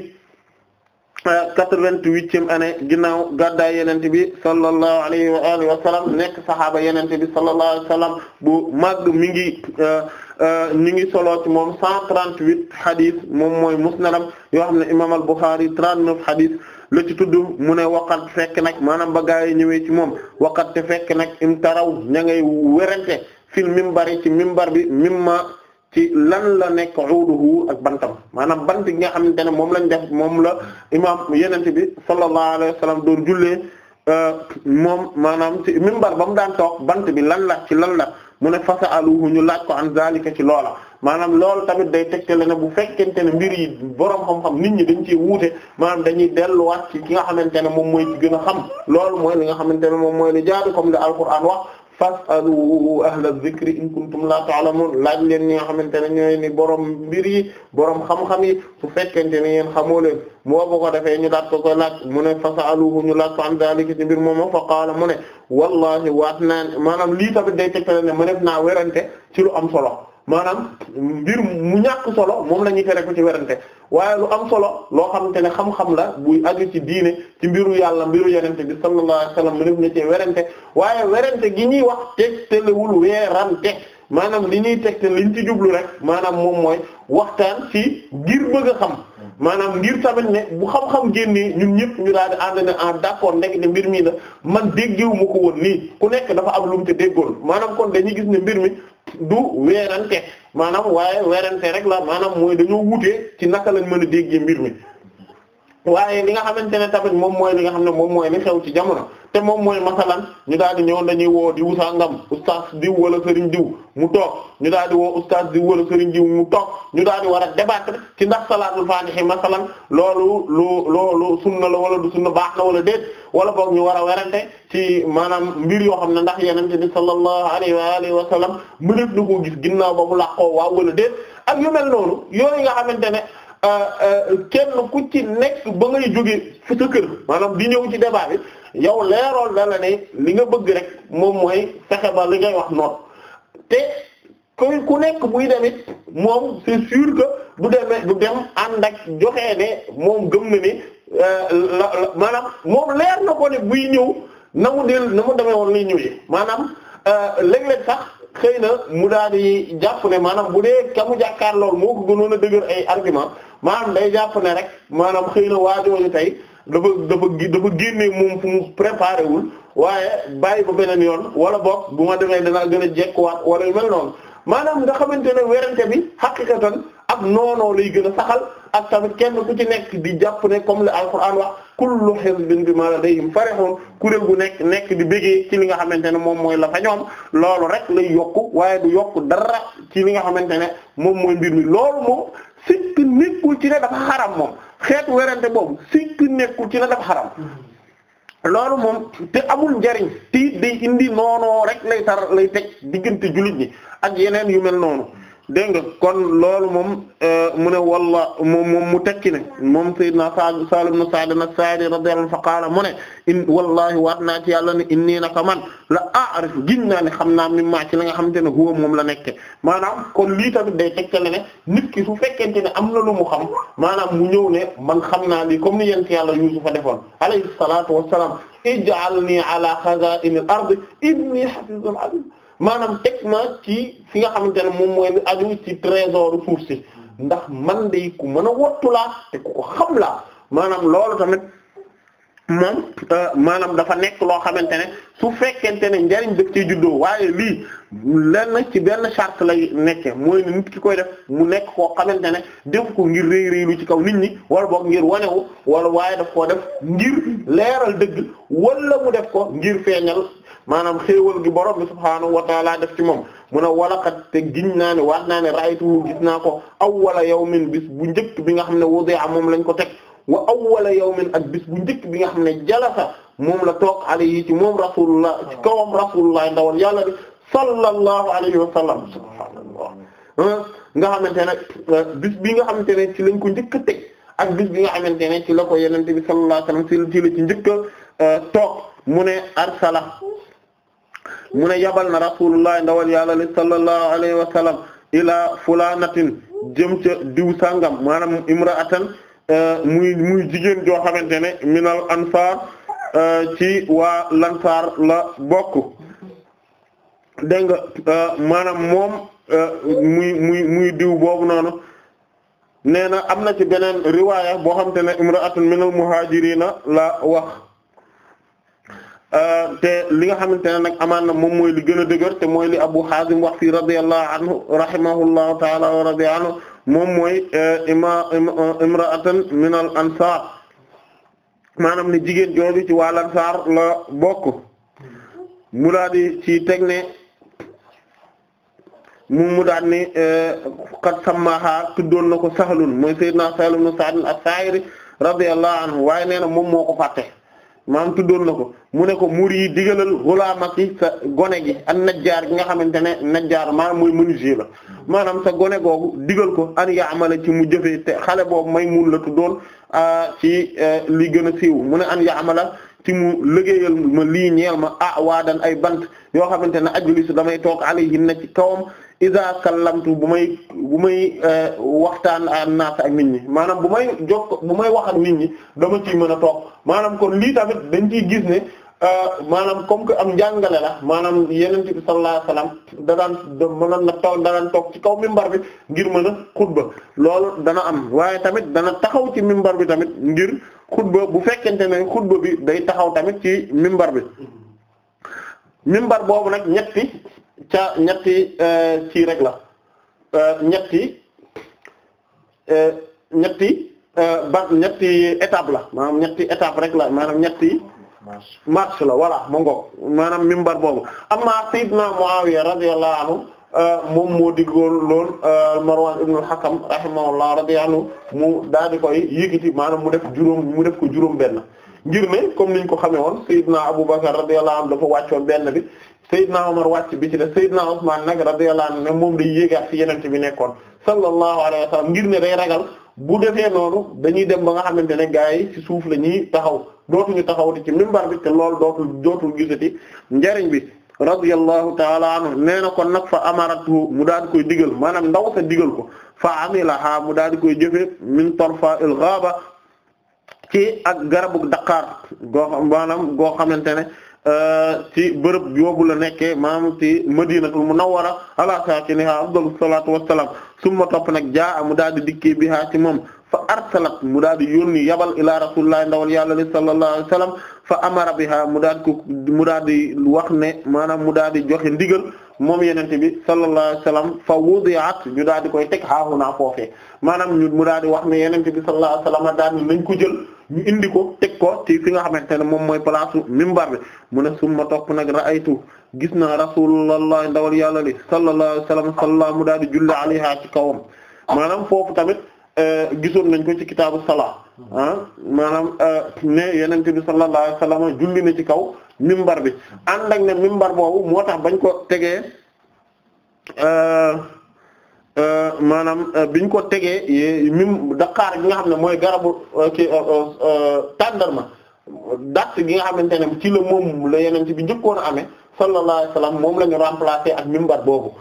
ma quatre-vingt-huitième année ginnaaw gàddaay yenente bi sallallahu alayhi wa alihi wa sallam nekk sahaaba yenente bi sallallahu alayhi wa sallam bu màgg mi ngi ñu euh, euh, ngi solo ci moom cent trente-huit hadis moom mooy musnadam yoo xam ne imam al-Bukhari trente-neuf hadis la ci tudd mu ne waqat fekk nag maanaam ba gaa yi ñëwee ci moom waqat te fekk nag im taraw ña ngay werante mimbari ci mimbar bi mimma ci lan la nekk uuduhu ak bantam maanaam bant gi nga xam ne moom lañ def moom la imaam yenente bi sallallahu alayhi wa sallam doon jullee euh, moom maanaam ci minbar ba mu daan toog bant bi lan la ci lan la mu ne fasa aluhu ñu laaj ko an zalika ci loola maanaam lool tamit day tegtale ne bu fekkente ne mbir yi boroom xam-xam nit ñi dañ ci wuute maanaam dañuy delluwaat ci ki nga xamante ne moom mooy ci gën xam loolu mooy li nga xamante ne moom mooy li jaadu comme li alquran wax fas'alu ahla dhikri in kuntum la ta'lamun laaj leen ñi nga xamante ne ñooy ni borom mbir yi borom xam-xam yi su fekkente ne yéen xamoo leen moo bu ko defee ñu laaj ko koy laaj mu ne fas'aluhu ñu laaj ko an dhalika ci mbir moom fa qaala mu ne wallahi waat naan ne maanaam lii tamit day tegtale ne mu nekk naa werante ci lu am solo. maanaam mbir mu ñàkk solo moom la ñuy tere ci werante waaye lu am solo loo xamante ne xam-xam la buy aju ci diine ci mbiru yàlla mbiru yenente bi sallallahu alayhi wasallam mu def na ci werante waaye werante gi ñuy wax teg telewul weerante maanaam li ñuy teg li ñu ci jublu rek maanaam moom mooy waxtaan ci ngir bëgg a xam maanaam ngir tamit ne bu xam-xam génnee ñun ñëpp ñu daal di ànd ne en ah, d'accord nekk ne mbir mii la man déggewuma ko woon nii ku nekk dafa am lu mu te déggoon maanaam kon dañuy gis ne mbir mi du weerante maanaam waaye weerante rek la maanaam mooy dañoo wutee ci naka lañ mën a déggee mbir mi waaye li nga xamante ne tamit moom mooy li nga xam ne moom mooy li xew ci jamono te moom mooy masalan ñu daal di ñëw dañuy woo diw sangam ustaas diw wala sëriñ diw mu toog ñu daal di woo ustaas diw wala sëriñ diw mu toog ñu daal di war a débattre ci ndax salaatul faatihi masalan loolu lu loolu sunna la wala du sunna baax na wala déet wala boog ñu war a werante ci maanaam mbir yoo xam ne ndax yenente bi sallallahu alayhi wa alihi wa sallam mëneef na koo gis ginnaaw ba mu làqoo waaw wala déet ak yu mel noonu yooyu xamante ne Euh, euh, kenn ku ci nekk ba ngay jóge fi sa kër maanaam di ñëw ci débat bi yow leeroon la la ne li nga bëgg rek moom mooy fexe ba li ngay wax noon te koy ku nekk buy demit moom c'est sûr que du demee du dem ànd ak joxe ne moom gëm na ni euh, la maanaam moom leer na ko ne buy ñëw na mu del na mu demee woon lay ñëwee maanaam léeg-léeg sax xëy na mu daal di jàpp ne maanaam bu dee ka mu jàkkaar lool moo ko gënoon a dëgër ay argument maanaam day jàpp ne rek maanaam xëy na waajooju tey dafa dafa dafa moom fu mu préparé wul waaye bàyyi ba beneen yoon wala boog bu ma demee danaa gën a jekkuwaat wala yu mel noonu maanaam nga xamante ne werante bi xaqiqatan ab noonoo lay gën a saxal ak tamit kenn ku ci nekk di jàpp ne comme le alquran di kullu hizbin bimaa ladayhim farihun kuréel gu nekk nekk di bëggee ci li nga xamante ne moom mooy la fa ñoom loolu rek lay yokku waaye du yokku dara ci li nga xamante ne moom mooy mbir mi loolu moom sikk nekkul ci ne dafa xaram moom xeetu werante boobu sikk nekku ci ne dafa xaram loolu moom te amul njariñ te day indi noonoo rek lay lay teg diggante jullit ñi ak yeneen yu mel noonu dégg nga kon loolu moom euh, mu ne walla moom mu tekki ne moom sayyidina Sahl ibn Sa'd as-Sa'idi radiyallahu anhu fa qaala mu ne in wallahi waat naa ci yàlla ne innii naka man la a'rif gin naa ne xam naa mi maa ci la nga xamante ne huwa moom la nekke maanaam kon lii tamit day tegtale ne nit ki su fekkente ne am na lu mu xam maanaam mu ñëw ne man xam naa lii comme ni yent yàlla Yuusufa defoon alayhi salaatu wassalaam ij'alnii ala xazaa'inil ardi innii hafiizun aliim maanaam teg ma ci fi nga xamante ne moom mooy aju ci trésor suuf si ndax man day ku mën a wottu laa te ku ko xam laa maanaam loolu tamit moom euh, maanaam dafa nekk loo xamante ne su fekkente ne njariñ dëkk ci juddoo waaye lii lenn ci benn charte lay nekke mooy ne nit ki koy def mu nekk koo xamante ne def ko ngir réy réylu ci kaw nit ñi wala boog ngir wanewu wala waaye daf koo def ngir leeral dëgg wala mu def ko ngir feeñal maanaam xéewal gi borom bi subhaanahu wa taala def ci moom mu wala walaqad te giñ naa ne waat naa ne raaytuhu gis naa ko awwala yawmin bis bu njëkk bi nga xam ne wudi'a moom lañ ko teg wa awwala yawmin ak bis bu njëkk bi nga xam ne jalasa moom la toog alayhi ci moom rasulullah ci kawam rasulullah ndawal yàlla di sallallahu alayhi wa sallam subhaanallah nga xamante ne euh, bis bi nga xamante ne ci lañ ko njëkk a teg ak bis bi nga xamante ne ci la ko yenente bi sallallahu alayhi wa sallam ci la ci njëkk a euh, toog mu ne arsala mu ne yabal na rasulullah ndawal yàlla li sallallahu alayhi wa sallam ilaa fulaanatin jëm ca diw sangam maanaam imra'atan eh, muy muy jigéen joo xamante ne minal ansaar eh, ci waa lansaar la bokk dégg nga eh, maanaam moom muy muy muy diw boobu noonu nee na am na ci beneen riwaaya boo xamante ne imra'atun minal muhaajiriina la wax Euh, te li nga xamante ne nag amaan na moom mooy li gën a dëgër te mooy Abu Hazim wax fii rahimahullahu ta'ala wa radiya moom mooy euh, ima imra'atan min al ansar maanaam jigéen jooju ci wal ansar la bokk mu ci teg mu mu daal ni euh, qad sammaha tuddoon na ko sahlun mooy sayyidna Sahl ibn Sa'd as-Sa'idi radiyallahu anhu waaye nee na moom moo ko fàtte maam tuddoon na ko mu ne ko mur yi digalal xulaamaki sa gone gi ak najjaar gi nga xamante ne najjaar maanaam mooy menuisier la maanaam sa gone googu digal ko an yaamala ci mu jëfee te xale boobu Maymuun la a ci e, li gën a siiw mu ne an yaamala ci mu liggéeyal ma lii ñeel ma ah waadan ay bant yoo xamante ne ajlisu damay toog alayhinna ci kawam iza kallamtu bu may bu may eh, waxtaan an naas ak nit ñi maanaam bu may jokk bu may wax ak nit ñi dama ci mën a toog maanaam kon lii tamit dañ ci gis ne eh, maanaam comme que am njàngale la maanaam yeneen bi sallallahu alayhi wasallam mënoon na taw da toog ci kaw mimbar bi ngir mën a xutba loolu dana am waaye tamit dana taxaw ci mimbar bi tamit ngir xutba bu fekkente ne xutba bi day taxaw tamit ci mimbar bi mimbar boobu nag ñetti ca ñetti ci euh, rek la euh, ñetti euh, ñetti ba ñetti étape la maanaam ñetti étape rek la maanaam ñetti marche la voilà ma ngoog maanaam mimbar boobu amma sayyidna Muawiya radiyallahu anhu moom moo diggoon lool Marwan ibn al-Hakam rahimahullah radiyallahu anhu mu daal di koy yëkkati maanaam mu def juróom mu def ko juróom benn ngir ne comme niñ ko xamee woon Seydina Aboubacar radiyallahu anhu dafa wàccoon benn bi Seydina Omar wàcc bi ci def Seydina Ousmane nag radiyallahu anhu ne moom day yéegaat ci yeneen bi nekkoon sallallahu alayhi wa sallam ngir ne day ragal bu defee noonu dañuy dem ba nga xamante ne gaa yi ci suuf la ñuy taxaw dootuñu taxaw ci minbar bi te loolu dootul dootul gisati njariñ bi radiyallahu ta'ala anhu nee na kon nag fa amaratu mu daal di koy digal maanaam ndaw sa digal ko fa amilaha mu daal di koy jëfe min tarfa il ghaba ci ak garabu Dakar goo xam maanaam goo xamante ne euh, ci bërëb yoobu la nekkee maanaam ci madinatul munawwara ala saakiniha afdalu salaatu wassalaam summa topp nag jaa mu daal di dikkee bi haa ci moom fa arsalat mu daal di yónni yabal ila rasulillahi ndawal yàlla li sallallahu alayhi fa amara biha mu daal ko mu daal di wax ne maanaam mu daal di joxe ndigal moom yenente bi sallallahu alayhi wasallam fa wudi'at ñu daal di koy teg haahunaa foofee maanaam ñu mu daal di wax mi yenente bi sallallahu alayhi wasallam daal nañ ko jël ñu indi ko teg ko ci nga xamante ne moom mooy place minbar bi mu ne summa topp nag ra'aytu gis naa rasulullah ndawal yàlla li sallallahu alayhi wasallam salla mu daal di julli alayha ci kawam maanaam foofu tamit Euh, gisoon nañ ko ci kitaabu salaa ah, maanaam euh, ne yonent bi sallallahu alayhi julli na ci kaw mbar bi ànd ak ne mimbar boobu moo tax bañ ko tegee euh, maanaam biñ ko tegee mim daqaar gi nga xam ne mooy garabu ci tàndarma daq gi nga xamante ne ci la moom la yonent bi njëkkoon a amee sallallahu alayhi wasallam moom la ñu remplacé ak mimbar boobu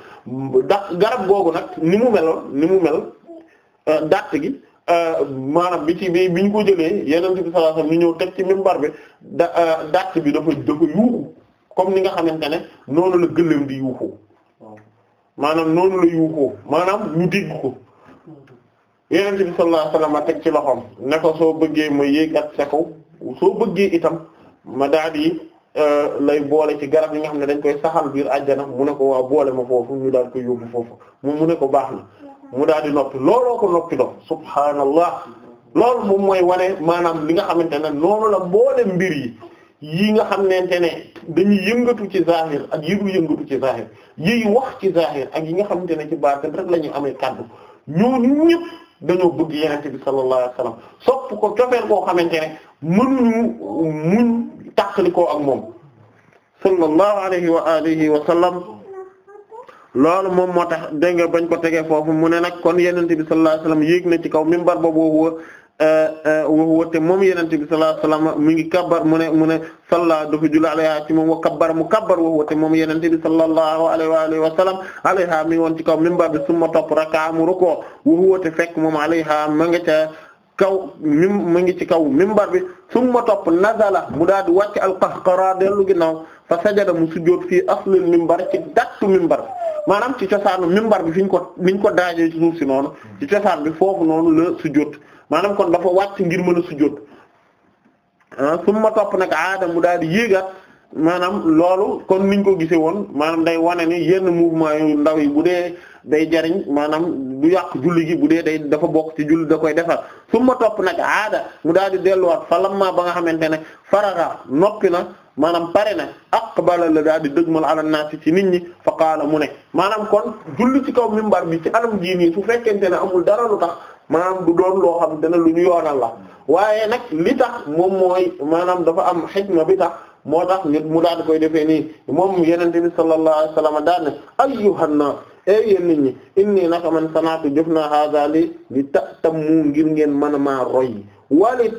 da garab googu nag ni mu meloon ni mu mel dàq euh, gi euh, maanaam bi ci bii bi ñu ko jëlee yeneen bi sallallahu alayhi wasallam ñëw teg ci minbar bi da dàq euh, bi dafa dafa yuuxu comme ni nga xamante ne noonu la gëléem di yuuxu maanaam noonu la yuuxu maanaam ñu dégg ko yeneen bi sallallahu alayhi wasallam teg ci loxoom ne ko soo bëggee ma yéegat sa kaw soo bëggee itam ma daal di lay boole ci garab yi nga xam ne dañ koy saxal biir àjjana mu ne ko waa boole ma foofu ñu daal koy yóbbu foofu mu mu ne ko baax na mu daal di noppi looloo ko noppi dox subhaanallah loolu moom mooy wane maanaam li nga xamante ne noonu la mboolem mbir yi yi nga xamante ne dañuy yëngatu ci zahir ak yi du yëngatu ci zahir yiy wax ci zahir ak yi nga xamante ne ci baatin rek la ñuy amee kaddu ñu ñëpp dañoo bëgg yenente bi sallallahu alayhi wasallam sopp ko cofeel koo xamante ne mënuñu muñ tàqali koo ak moom sallallahu alayhi wa alihi loolu moom moo tax dégg nga bañ ko tegee foofu mu ne nag kon yenente bi sallallahu alayhi wasallam yéeg na ci kaw minbar ba boobu waxuwa eh, eh, moom yenente bi sallallahu alayhi wasallam mi ngi kabbar mu ne mu ne salla dafa jula alayha ci moom wa kabbar mu kabbar waxuwa te moom yenente bi sallallahu alayhi wa alihi wa sallam alayha mi ngi woon ci kaw minbar bi summa topp raka mu rukoo waxuwa te fekk moom alayha ma nga ca kaw mi mu ngi ci kaw minbar bi summa topp nazala mu daal di wàcc alqahqara dellu ginnaaw fa sajada mu sujjóot fii aslil mimbar ci dattu mimbar maanaam ci cosaanu mimbar bi fi ñu ko ni ñu ko daajee ci suuf si noonu ci cosaan bi foofu noonu la sujjóot maanaam kon dafa wàcc ngir mën a sujjóot ah ma topp nag aada mu daal di yéegat maanaam loolu kon niñ ko gisee woon maanaam day wane ni yenn mouvement ndaw yi bu dee day jariñ maanaam du yàq julli bu dee day dafa bokk ci julli da koy defar su ma topp nag aada mu daal di delluwaat fa lamma ba nga xamante ne faraga noppi na. maanaam pare na aqbala la daal di dëgmal ala naasi ci nit ñi fa qaala mu ne maanaam kon julli ci kaw mimbar bi ci anam ji nii su fekkente ne amul dara lu tax maanaam du doon loo xam te ne lu ñu yoonal la waaye nag li tax moom mooy maanaam dafa am xikma bi tax moo tax nit mu daal koy defee nii moom yenente bi sallallahu alayhi wasallam daal ne ayyuhan naas ey yéen nit ñi inni naka man sanaatu jëf naa haada li ta tam ngir ngeen mën a maa roy walit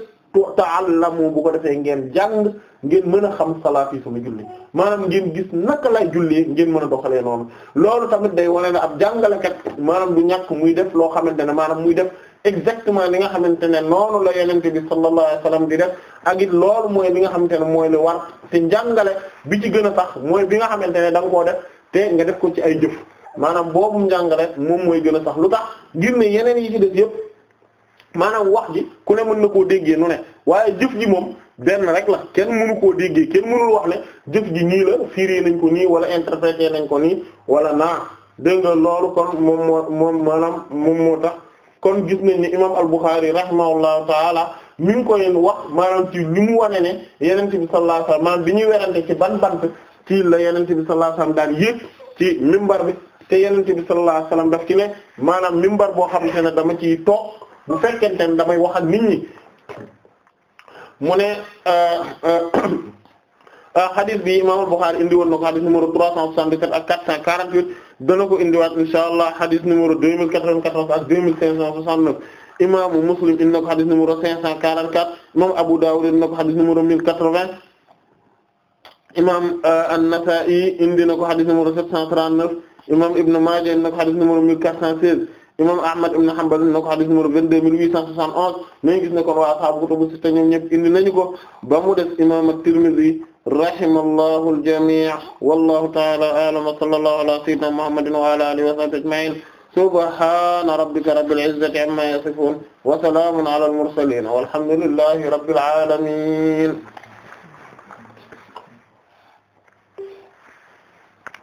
ta'allamu bu ko defee ngeen jàng ngeen mën a xam salaati sama julli maanaam ngeen gis naka lay jullee ngeen mën a doxalee noonu loolu tamit day wane ne ab jàngalekat maanaam du ñàkk muy def loo xamante ne maanaam muy def exactement li nga xamante ne noonu la yenente bi sallallahu alayhi wasallam di def ak loolu mooy li nga xamante ne mooy lu war te njàngale bi ci gën a sax mooy bi nga xamante ne da koo def te nga def ko ci ay jëf maanaam boobu njàngale moom mooy gën a sax lu tax maanaam wax ji ku ne mën na koo déggee nu ne waaye jëf ji moom benn rek la kenn mënu koo déggee kenn mënul wax ne jëf ji ñii la firi nañ ko nii wala interprété nañ ko nii wala naa dégg nga loolu kon moom moo moom maanaam moom moo tax kon gis nañ ne imam al-Bukhari rahimahullahu taala mi ngi koy wax maanaam ci li mu wane ne yenent bi sallallahu alayhi wasallam maanaam bi ñuy werante ci ban bant ci la yenent bi sallallahu alayhi wasallam daan yéeg ci mimbar bi te yenent bi sallallahu alayhi wasallam daf ci ne maanaam mimbar boo xamante ne dama ciy toog bu fekkente ne damay wax ak nit ñi xadis euh, euh, euh, bi imam al-Bukhari indi woon na ko xadis numéro 377 ak 448 dana ko indiwaat insha allah xadis numéro 2494 ak 2569 imaamu Muslim indi na ko xadis numéro 544 imam Abu Dawud indi na ko xadis numéro 1080 imam an-Nasa'i indi na ko xadis numéro 739 imam Ibn Maaja indi na ko xadis numéro 1416 imam Ahmad ibn Hanbal na ko hadith numéro 22871 nañu gis ne kon waa ashaabu kutubu sitta ñoom ñëpp indi nañu ko ba mu des imam at-Tirmidhi rahimallahu al-jami' wallahu ta'ala a'lam wa sallallahu ala sayyidina Muhammadin wa ala alihi wa sahbihi ajma'in subhana rabbika rabbil izzati amma yasifun wa salamun ala al-mursalin walhamdulillahi rabbil alamin